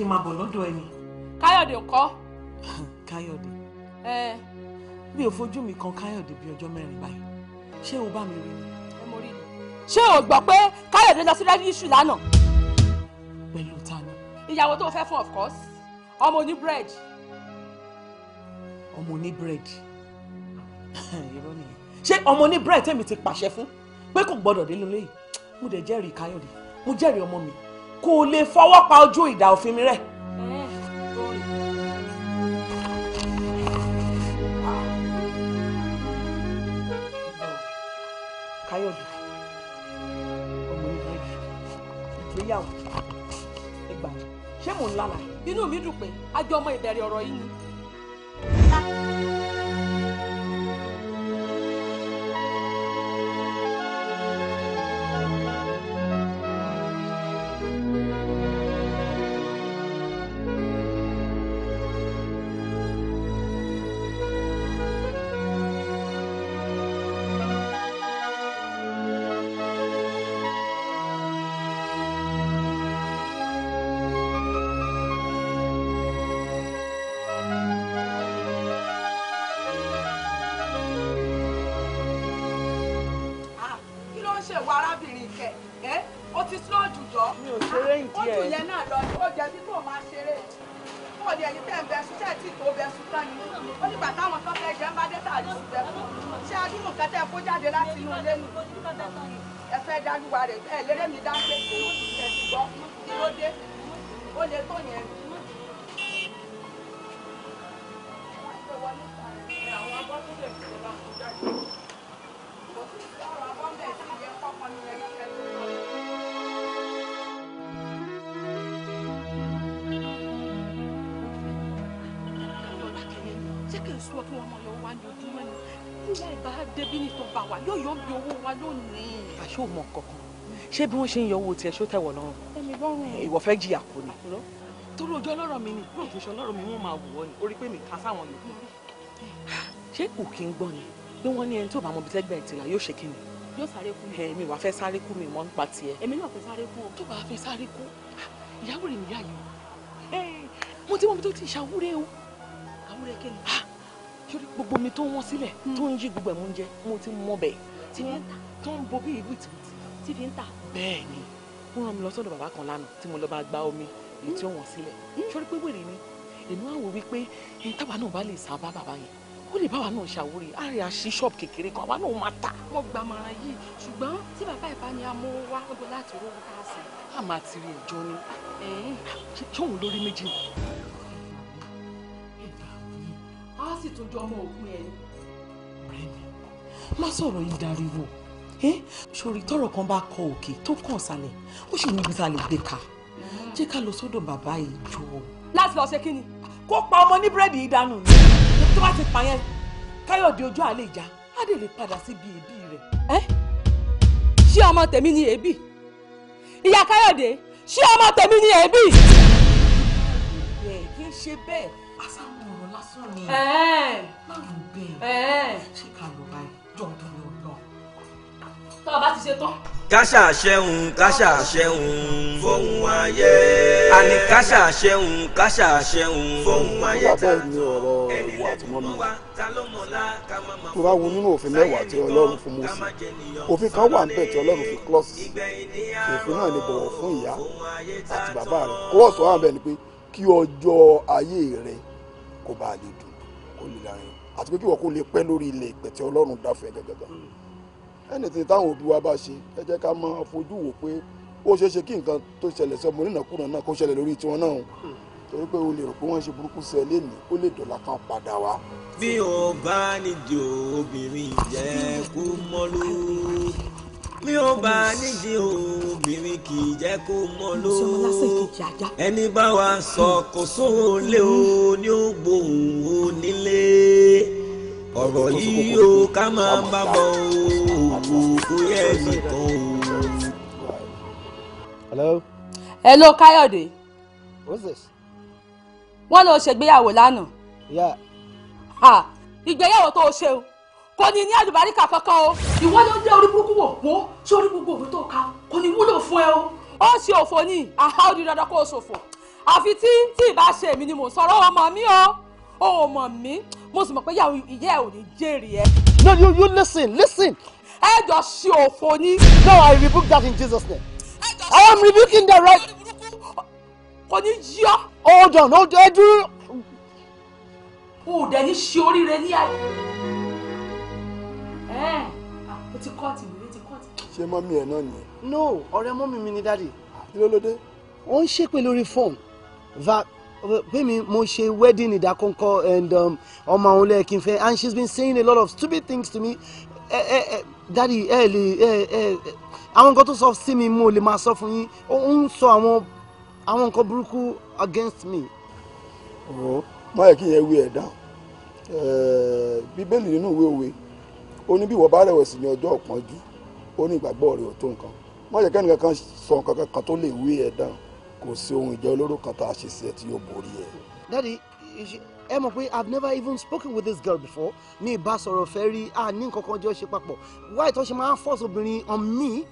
kí n máa bọ̀ lọ́dọ̀ ẹni. káyọ̀dé ńkọ́. [laughs] káyọ̀dé. ẹ mi ò fojú mi kan káyọ̀dé bíi ọjọ́ mẹ́rin báyìí ṣé o bá mi rí ni. ẹ mo rí ni. ṣé o gbọ́ pé káyọ̀dé lọ sí rẹ́díṣù lánàá. pẹ̀lú ta ni. ìyàwó tó fẹ́ fún of course ọmọ oní búrẹ́dì. ọmọ oní búrẹ́dì [laughs] irọ́ nìyẹn ṣé ọmọ oní búrẹ́dì tẹ̀mí ti pàṣẹ fún pé kò gbọ́dọ̀ dé lóléyìí mo dẹ̀ jẹ́rìí káyọ̀dé mo jẹ́rìí ọmọ mi kò lè fọwọ́ pa ojú ìdà òfin mi rẹ̀. káyọ̀dé ọmọ ìlú ẹ̀jẹ̀ ìgbéyàwó ẹgbàá ṣé mò ń lálàá. inú mi dùn pé a ọmọ ìbẹ̀rẹ̀ ọ̀rọ̀ yìí ni. ṣó mọ kankan ṣé bí wọ́n ṣe ń yọ owó tiẹ̀ ṣó tẹ̀wọ̀ lọ́rùn ìwọ fẹ́ jìyà kú ni torí ojú ọlọ́rọ̀ mi ni bí òkèṣọ ọlọ́rọ̀ mi wọ́n máa wù ọ́ ni orí pé mi ká sáwọn yòókù ṣé òkè ń gbọ́ ni bí wọ́n ní ẹni tó bá mọ ibi tẹ́gbẹ̀ẹ́ tìlà yóò ṣe kí ni yóò sáré kú mi. èmi wàá fẹ́ sáré kú mi mọ́ nípa tiẹ̀. èmi náà fẹ́ sáré kú o. tó bá fẹ́ sáré kú ìyàwó rẹ̀ nìyá yìí o. mo ti mọ omi tó ti ṣàwúrẹ́ o. àwúrẹ́ kí ni. sórí ah, gbogbo omi tó wọ́n sílẹ̀ hmm. tó ń yí gbogbo ẹ̀ mú jẹ mo ti mọ bẹ́ẹ̀. ti mẹ́ta tó ń bo bí wìtìwìtì tí fi ń tà. bẹ́ẹ̀ ni wọ́n rán mi lọ sọ́dọ̀ bàbá kan lánàá tí mo lọ bá gba omi èyí tí ó wọ̀n sílẹ̀ mm. sọ́rí pé wèrè ni èmi wá wò wípé ẹni táwa náà bá lè sá bá bàbá yẹn ó lè báwa náà ṣàwórí àrè àṣì ṣọ́ọ̀bù kékeré kan àwa náà máa tà. mo gbà màrà yìí ṣùgbọ́n tí bàbá ìbá ni a mú wá gbogbo láti rówó ká sí. a máa ti rí ẹjọ́ ni ṣóun lórí méjì ni. a sì tún jọ ọmọ òkú yẹn. ọ̀rẹ́ má sọ̀rọ̀ yìí dariwo. Eh, sori tọrọ kan bá kọ òkè tó kàn sálẹ̀ ó sì níbi tá a lè gbé ka jẹ́ ká lọ sọ́dọ̀ bàbá yìí jọ. láti lọ ṣe kí ni kó pa ọmọ ní búrẹ́dì yìí dànù ni tó bá ti pa yẹn káyọ̀dé ojú àlè ìjà á lè lè padà síbi èébì rẹ̀. ẹ eh? ṣé ọmọ tèmi ni èébì ìyá káyọ̀dé ṣé ọmọ tèmi ni èébì. ẹ kí n ṣe bẹ́ẹ̀ asáwọn ọ̀rọ̀ lásán ni. Eh. ẹ ẹ ṣé ká lọ báyìí jọ̀ọ́ tó lọ tọ́ ọ bá ti ṣe tán. káṣà ṣẹ́hun káṣà ṣẹ́hun fóun ayé. àní káṣà ṣẹ́hun káṣà ṣẹ́hun fóun ayé ta ẹni lẹ́tùmọ̀ wá ta ló mọ̀ lá ká má má. tó bá wo nínú òfin mẹ́wàá tí ọlọ́run fún Mósè òfin kan wà níbẹ̀ tí ọlọ́run fi klọ́ọ̀sì òfin náà ni bọ̀wọ̀ fún ìyá àti bàbá rẹ̀ klọ́ọ̀sì wà bẹ́ẹ̀ ni pé kí ọjọ́ ayé rẹ̀ kó bá a lè dùn kó lè lárin àti pé kí wọ́n kó lè pẹ́ lórí ilẹ̀ ìpẹ̀tẹ́ ọlọ́run dáfẹ́ gẹ́gẹ́ gẹ́gẹ́. Hmm anything táwọn òbí wa bá ṣe ẹ jẹ́ ká máa fojú wò pé ó ṣeé ṣe kí nǹkan tó ṣẹlẹ̀ sí ọmọ onínàkúnà náà kó ṣẹlẹ̀ lórí tiwọn náà torí pé o lè rò pé wọ́n ṣe burúkú sí ẹ lénìí ó lè dọ̀là kan padà wá. bí o bá nídìí obìnrin jẹ́ kó mọ́lú mi ò bá nídìí obìnrin kì í jẹ́ kó mọ́ ló ẹni bá wa sọ kò sóhun lé o ní ó onílé ọ̀rọ̀ yìí o ká máa bá bọ̀ o kò yẹ nìkan o. hello. Káyọ̀dé. wọ́n lọ ṣègbéyàwó lánàá. yeah. ha ìgbéyàwó tó o ṣeun kò ní ní àlùbáríkà kankan o. ìwọ ló dé orí burúkú wò wọ́n ṣé orí gbogbo òwe tó ka kò ní wúlò fún ẹ o. ó ṣe òfò ni àhá ó di dandan kó o ṣòfò àfi tí tí ì bá ṣe èmi ni mò ń sọ̀rọ̀ ọmọ mi o o mọ̀ mí mo sì mọ̀ pé ìyá ẹ̀ ò ní jèrè ẹ. no you you listen listen. ẹ jọ ṣe òfò ní. no i rebuke that in jesus name. i am rebuking that right. kò ní yí hold on hold on ẹ dúró. o ò dẹ̀ ní ṣe oríire ní ayé. ẹ ẹ ti kọ́ ti ìwé ti kọ́ ti. ṣé mọ́mí ẹ̀ náà nìyẹn. no ọ̀rẹ́ mọ́mí mi ni dáàdi. Ah, kí ló ló dé. ó ń ṣépè lórí fóònù pé mi mo ṣe wedding and um, Oma olóyè kí and she's been saying a lot of stupid things to me Eh, eh, ẹ dadi eh, eh, eh. ẹ àwọn nǹkan tó sọ sí mi mo lè máa sọ fún yín ó ń sọ àwọn àwọn nǹkan burúkú against me. ọ̀hún má yẹ kí yẹn wí ẹ̀ dáhùn bíbélì nínú ìwé òwe ó ní bí ìwọ bá rẹ̀wẹ̀sì ní ọjọ́ ọ̀pọ̀njú ó ní ìgbàgbọ́ rẹ̀ ò tó nǹkan má yẹ kẹ́nìkan kan sọ nǹkan kan tó lè wí ẹ̀ dáhùn kò sí ohun ìjà olóró kan tá a ṣe sí ẹ tí yóò borí ẹ. Daddy ẹ mọ̀ pé I've never even spoken with this girl before mi ìbá sọ̀rọ̀ fẹ́ rí a ní nǹkan kan jọ ṣe papọ̀ why tó ṣe máa ń force obìnrin on me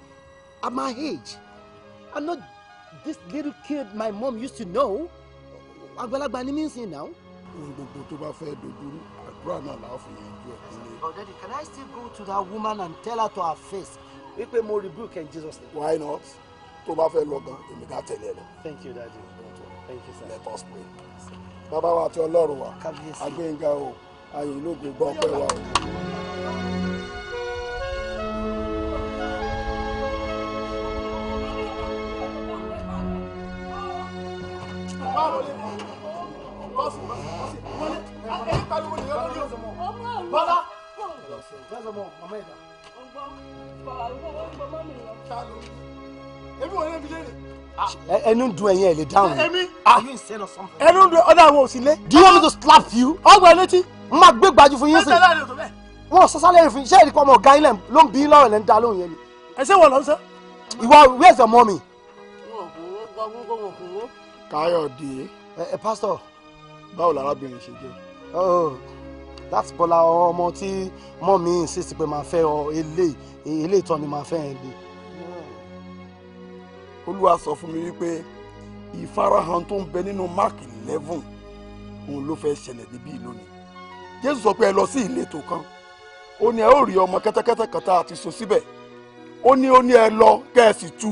at my age I'm not this little kid my mom used to know àgbàlagbà ni mí ń sìn náà. ohun gbogbo tó bá fẹ́ dojú àdúrà náà làá fi yanjú ẹ̀ nílé. but oh, daddy can I still go to that woman and tell her to her face wípé mo rebuke in Jesus name. why not tó bá fẹ́ lọ gan èmi ká tẹ̀lé ẹ lọ. thank you daddy thank you sir. let us pray. bàbá wa àti ọlọ́run wa agbẹ́ngà o ayé ológun gbọ́ pẹ́ wa o. Bọ́lá! Bọ́lá! Bọ́lá! Mama ẹ̀dá. Ọgbọ́n, bàbá, ọgbọ́n, mọ́mí lọ èmi wò lé mi lé ni ẹnu dun ẹyin ẹ lè dáhùn. ẹmi ah. ẹnu dun ọdọ àwọn òsì lé. do you want me to slap you. ọgbà létí máa gbé gbàjú fún yín sí. wọn sọ sálẹ̀ fún iṣẹ́ ìdíkọ́ ọmọ ọ̀gá ilẹ̀ ló ń bí lọ́rọ̀ lẹ́ ń da lóhùn yẹn ni. ẹsẹ̀ wọ̀ lọ sọ. ìwọ where's your mommy. káyọ̀dé. ẹ pásítọ̀. báwo làrábìnrin ṣe jẹ́. Oh, that's Bọ́lá ọmọ tí mọ́mí insist pé máa fẹ́ ọ eléyìí eléyìí tán ni máa fẹ́ ẹ̀ lè olúwa sọ fún mi wípé ìfarahàn tó ń bẹ nínú mark eleven òun ló fẹ́ ṣẹlẹ̀ níbí lónìí jésù sọ pé ẹ lọ sí ìletò kan ó ní ẹ ó rí ọmọ kẹ́tẹ́kẹ́tẹ́ kan tá a ti so síbẹ̀ ó ní ó ní ẹ lọ kẹ́ ẹ sì tú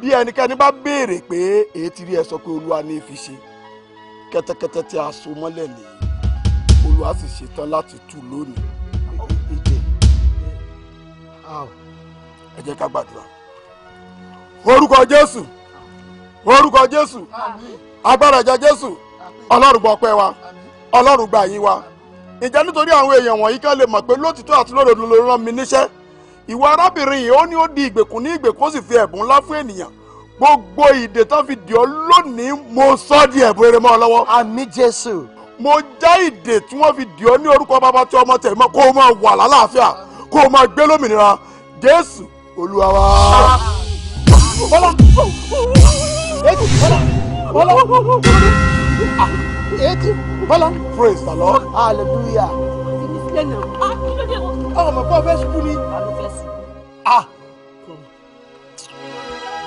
bí ẹnikẹ́ni bá béèrè pé èyí ti rí ẹ sọ pé olúwa ní í fi ṣe kẹ́tẹ́kẹ́tẹ́ tí a so mọ́lẹ̀ nìyí olúwa sì ṣetán láti tú lónìí. ẹ jẹ́ ká gbàdúrà orúkọ jésù orúkọ jésù agbára ẹ̀jẹ̀ jésù ọlọ́run gbọ́ ọpẹ́ wa ọlọ́run gba yín wa ǹjẹ́ nítorí àwọn èèyàn wọ̀nyí kan lè mọ̀ pé lótìtọ́ àti lódodo ló rán mi níṣẹ́ ìwà arábìnrin yìí ó ní ó di ìgbèkùn ní ìgbèkùn ó sì fi ẹ̀bùn ńlá fún ènìyàn gbogbo ìdè tán fi dì ọ́ lónìí mo sọ di ẹ̀bùn rere mọ́ ọ lọ́wọ́. àmín jésù. mo já ìdè tí wọ́n fi dì ọ́ ní orúkọ bàbá tí ọmọ tẹ̀ mọ́ kó o máa wà lálàáfíà kó o máa gbé lómìnira jésù olúwa wa. Bọ́lá Etu Bọ́lá Bọ́lá ah Etu Bọ́lá praise the Lord hallelujah. Ah, sílẹ̀ náà. A kí ló dé o. Ọmọ ẹ̀kọ́ fẹ́ sùkú ni. A ló fẹ́ sùn. Ah.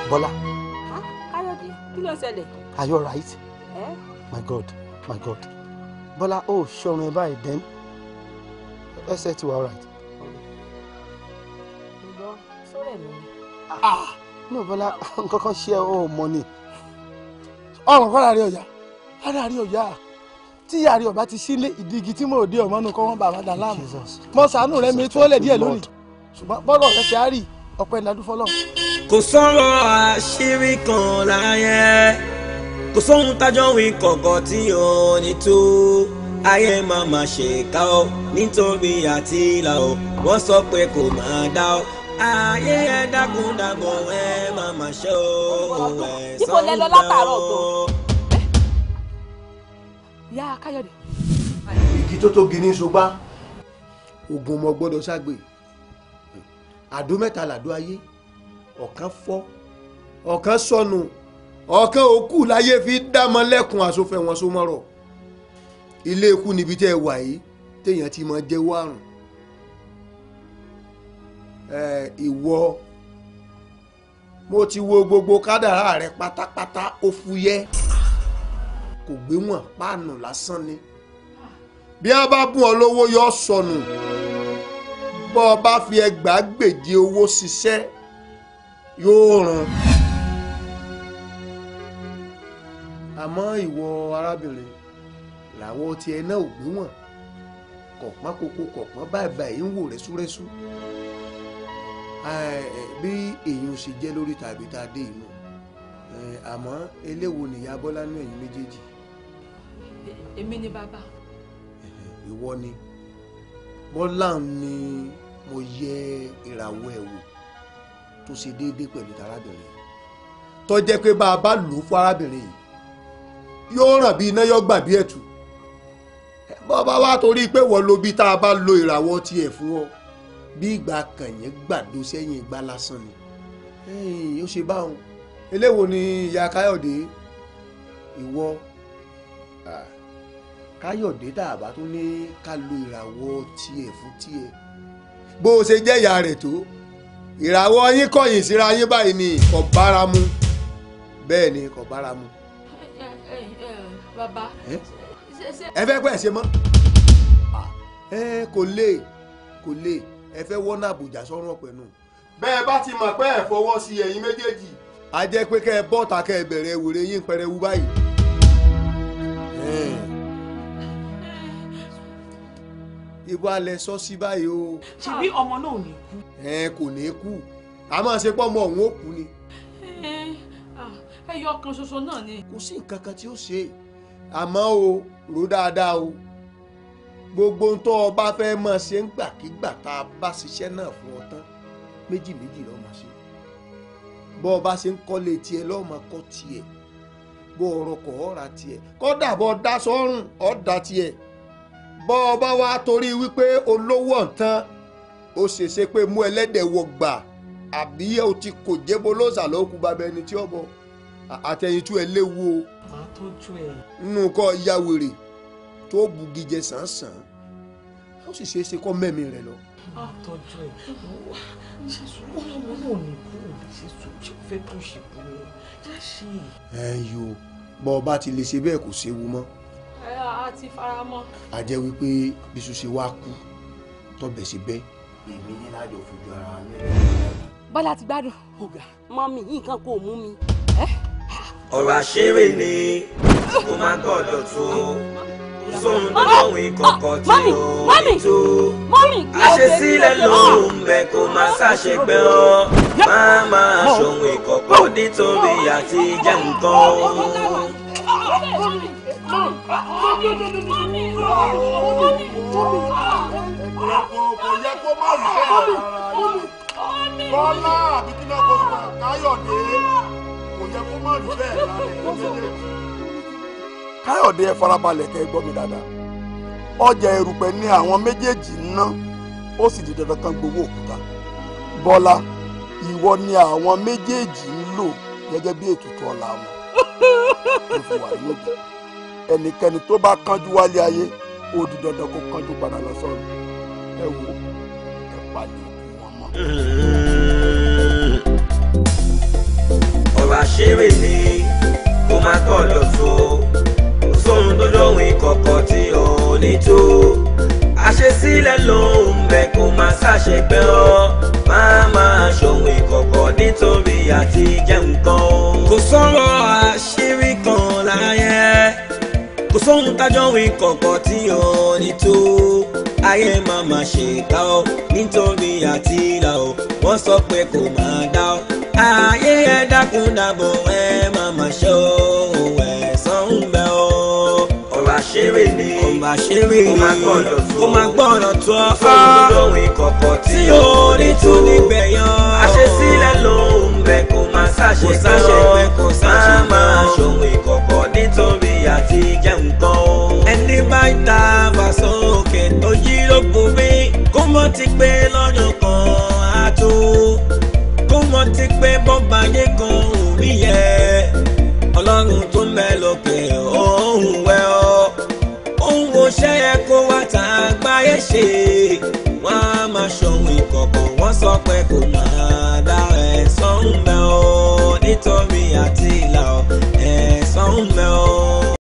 Bọ́lá. Ah, Káyọ̀dé kí ló ṣẹlẹ̀? Are you alright? Eh? My God, my God. Bọ́lá ó oh, ṣọrun ẹ báyìí dẹ́n. Ẹsẹ̀ ti wà alright. Ǹjọ́ sọ́rẹ̀ mi. Ah náà bọ́lá nǹkan kan ṣe ọ mọ ni ọrùn kọ́ra rí ọ̀yà ara rí ọ̀yà tí yàrá ọba ti sílé ìdígi tí mo dé ọmọ nù kọ́ wọn bàbá dà láàmú mọ sànù rẹ mi tó lẹ̀ díẹ̀ lónìí ṣùgbọ́n bọ́lọ̀ rẹ ṣe á rì ọpẹ́ ńlá kò sọ̀rọ̀ àṣírí kan láyé kò sóhun tájọ́ wí kọ̀ọ̀kan tí ò ní tó ayé máa máa ṣèkà ó nítorí àtìlà ó wọ́n sọ pé kò máa dá ó ayé ẹ dákun dàgbọ̀ ẹ máa máa ṣe o ẹ sọ́ńdà o. ìyá eh, káyọ̀dé. igi tó tó gini ṣùgbọ́n ogun ọmọ gbọ́dọ̀ ṣàgbè àdó mẹ́ta làdó ayé ọ̀kan fọ́ ọ̀kan sọnù ọ̀kan òkú láyé fi dámọ lẹ́kùn àsofẹ́ wọn sómọ́rọ̀ ilé ikú níbi tẹ́ ẹ wà yìí téèyàn ti máa jẹ́wọ́ àrùn ìwọ mo ti wo gbogbo kádàrá rẹ pátápátá ó fúyẹ́ kò gbé wọn páànù lásán ni bí a bá bùn ọ lówó yọ sọnù bọ́ ọ bá fi ẹgbàágbèje owó ṣiṣẹ́ yóò rùn. àmọ́ ìwọ arábìnrin làwọn tiẹ̀ náà ò gbé wọn kọ̀pọ̀n kókó kọ̀pọ̀n báyìí báyìí ń wò rẹ́súrẹ́sú bí èèyàn ṣe jẹ́ lórí tàbí tá a dé inú àmọ́ eléwo nìyá bọ́lá ní ẹ̀yìn méjèèjì. èmi ni bàbá. ìwọ ni bọ́lá ni mo yẹ ìràwọ̀ ẹ̀ wò tó ṣe déédéé pẹ̀lú tarábìnrin tó jẹ́ pé bá a bá lò ó fún arábìnrin yìí yóò ràn bí iná yóò bí ẹ̀tù bọ́ bá wá torí pé wọ́n lo bí tá a bá lo ìràwọ̀ tiẹ̀ fún ọ bí ìgbà kànyẹ́ gbàdo sẹ́yìn ìgbà lásán ni ó ṣe báwọn eléwo ni ìyá káyọ̀dé ìwọ káyọ̀dé tàbá tó ní ká lo ìràwọ̀ tiẹ̀ fún tiẹ̀ bó o ṣe jẹ́ ìyá rẹ̀ tó ìràwọ̀ yín kọ̀yìn síra yín báyìí ni kò bára mu bẹ́ẹ̀ ni kò bára mu. bàbá ẹ fẹ́ pẹ́ ṣe mọ́ ẹ kò lè kò lè. ẹ fẹ́ wọ́n náà àbùjá sọ́rùn ọ̀pẹ̀ bẹ́ẹ̀ bá ti mọ̀ pé ẹ̀ fọwọ́ sí ẹ̀yin méjèèjì. a jẹ́ pé kẹ́ ẹ bọ́ta kẹ́ ẹ bẹ̀rẹ̀ wèrè yín pẹrẹwu báyìí. ibo alẹ sọ sí báyìí o. ṣebí ọmọ náà ò ní kú. ẹ kò ní kú a máa ṣe pọ́ ọmọ òun ó kú ni. Ah, ẹyọ kan ṣoṣo náà ni. kò sí nǹkan kan tí ó ṣe àmọ́ o rò dáadáa o. gbogbo ohun tó o bá fẹ́ mọ̀ ṣe ń gbàkigbà tá a bá ṣiṣẹ́ náà fún ọ tán méjì méjì lọ́ọ́ máa ṣe bọ́ ọ bá ṣe ń kọ́lé tiẹ̀ lọ́ọ́ máa kọ́ tiẹ̀ bọ́ ọ̀rọ̀ kọ̀ ọ́ ra tiẹ̀ kọ́dà bọ́ ọ dá sọ́rùn ọ́ da tiẹ̀ bọ́ ọ bá wá torí wípé olówó ọ̀tán ó ṣèṣe pé mú ẹlẹ́dẹ̀ wọ gbà àbí o ti kò jẹ́bó lóòsà lọ́ọ́ kú bàbá ẹni tí ọ àtẹ̀yìntú ẹ léwu o. màá tọ́jú ẹ tó bugi jẹ sàn-sàn ó sì ṣeé ṣe kọ́ mẹ́mi rẹ lọ. a tọ́jú ẹ ṣe sùúrù ọmọ náà ní kú ṣe sùúrù ṣe fẹ́ tó ṣe kú ni jẹ́ ṣe. ẹ yo bọ́ ọ bá ti lè ṣe bẹ́ẹ̀ kò séwu mọ́. ẹ a ti fara mọ́. a jẹ́ wípé bísú ṣe wá kú tọ́bẹ̀ ṣe bẹ́ẹ̀. èmi ní lájọ fojú ara mi. bọ́lá ti gbádùn. ọ̀gá mọ́mì nǹkan kò mú mi. ọ̀rọ̀ àṣírí ni mo máa gbọ́dọ̀ tó sóhun tó lóhùn ìkọ̀kọ̀ tí ó ń tó àṣesílẹ̀ lóhùn bẹ́ẹ̀ kó má ṣàṣegbẹ́ ọ́ máa máa ṣòhun ìkọ̀kọ̀ nítorí àti jẹ́ nǹkan. kò yẹ kó má rí bẹ́ẹ̀ bọ́lá àbí kí náà kó káyọ̀dé kò yẹ kó má rí bẹ́ẹ̀ lálẹ́ ẹ̀jẹ̀ káyọ̀dé ẹ farabalẹ̀ kẹ́ ẹ gbọ́ mi dáadáa ọjà erùpẹ̀ ni àwọn méjèèjì ń ná ó sì di dandan kan gbowó òkúta bọ́lá ìwọ ni àwọn méjèèjì ń lò gẹ́gẹ́ bí ètùtù ọ̀la wọn ẹnikẹ́ni tó bá kánjú wálé ayé ó di dandan lọ sọ́run ẹ tó lóhùn ìkọ̀kọ̀ tí ò ní tó àṣesílẹ̀ ló ń bẹ kó máa ṣàṣegbẹ́ ọ máa máa ṣòhun ìkọ̀kọ̀ nítorí àti jẹ́ nǹkan o. kò sọ̀rọ̀ àṣírí kan láyé kò sóhun tájọ́ ìkọ̀kọ̀ tí ò ní tó ayé máa máa ṣèkà ọ nítorí àti ìlà ọ wọ́n sọ pé kò máa dá ọ ayé ẹ dákúndàbọ̀ ẹ máa máa ṣe ọ ẹ̀ sọ́hún bẹ́ ṣeré ni ọba ṣeré ni ó máa gbọ́dọ̀ tó ọ fáwọn ìkọ̀kọ̀ tí ó ní tún níbẹ̀ yan. àṣesílẹ̀ ló ń bẹ kó máa ṣàṣe sáṣẹ kó sáṣe máa ṣòwò ìkọ̀kọ̀ nítorí àti jẹun kan ẹni bá ń ta fàṣọ òkè tó yí lókun bí kó mọ́ ti pé lọ́nà kan á kó mọ́ ti pé bọ́ba yé kan ò ọlọ́run tó mẹ́ ṣe yẹ kó wá tá a gbáyé ṣe wọ́n á máa ṣọ̀hún ìkọ̀kọ̀ wọ́n sọ pé kò máa dá ẹ̀san ń o nítorí àti ìlà ẹ̀san ń o.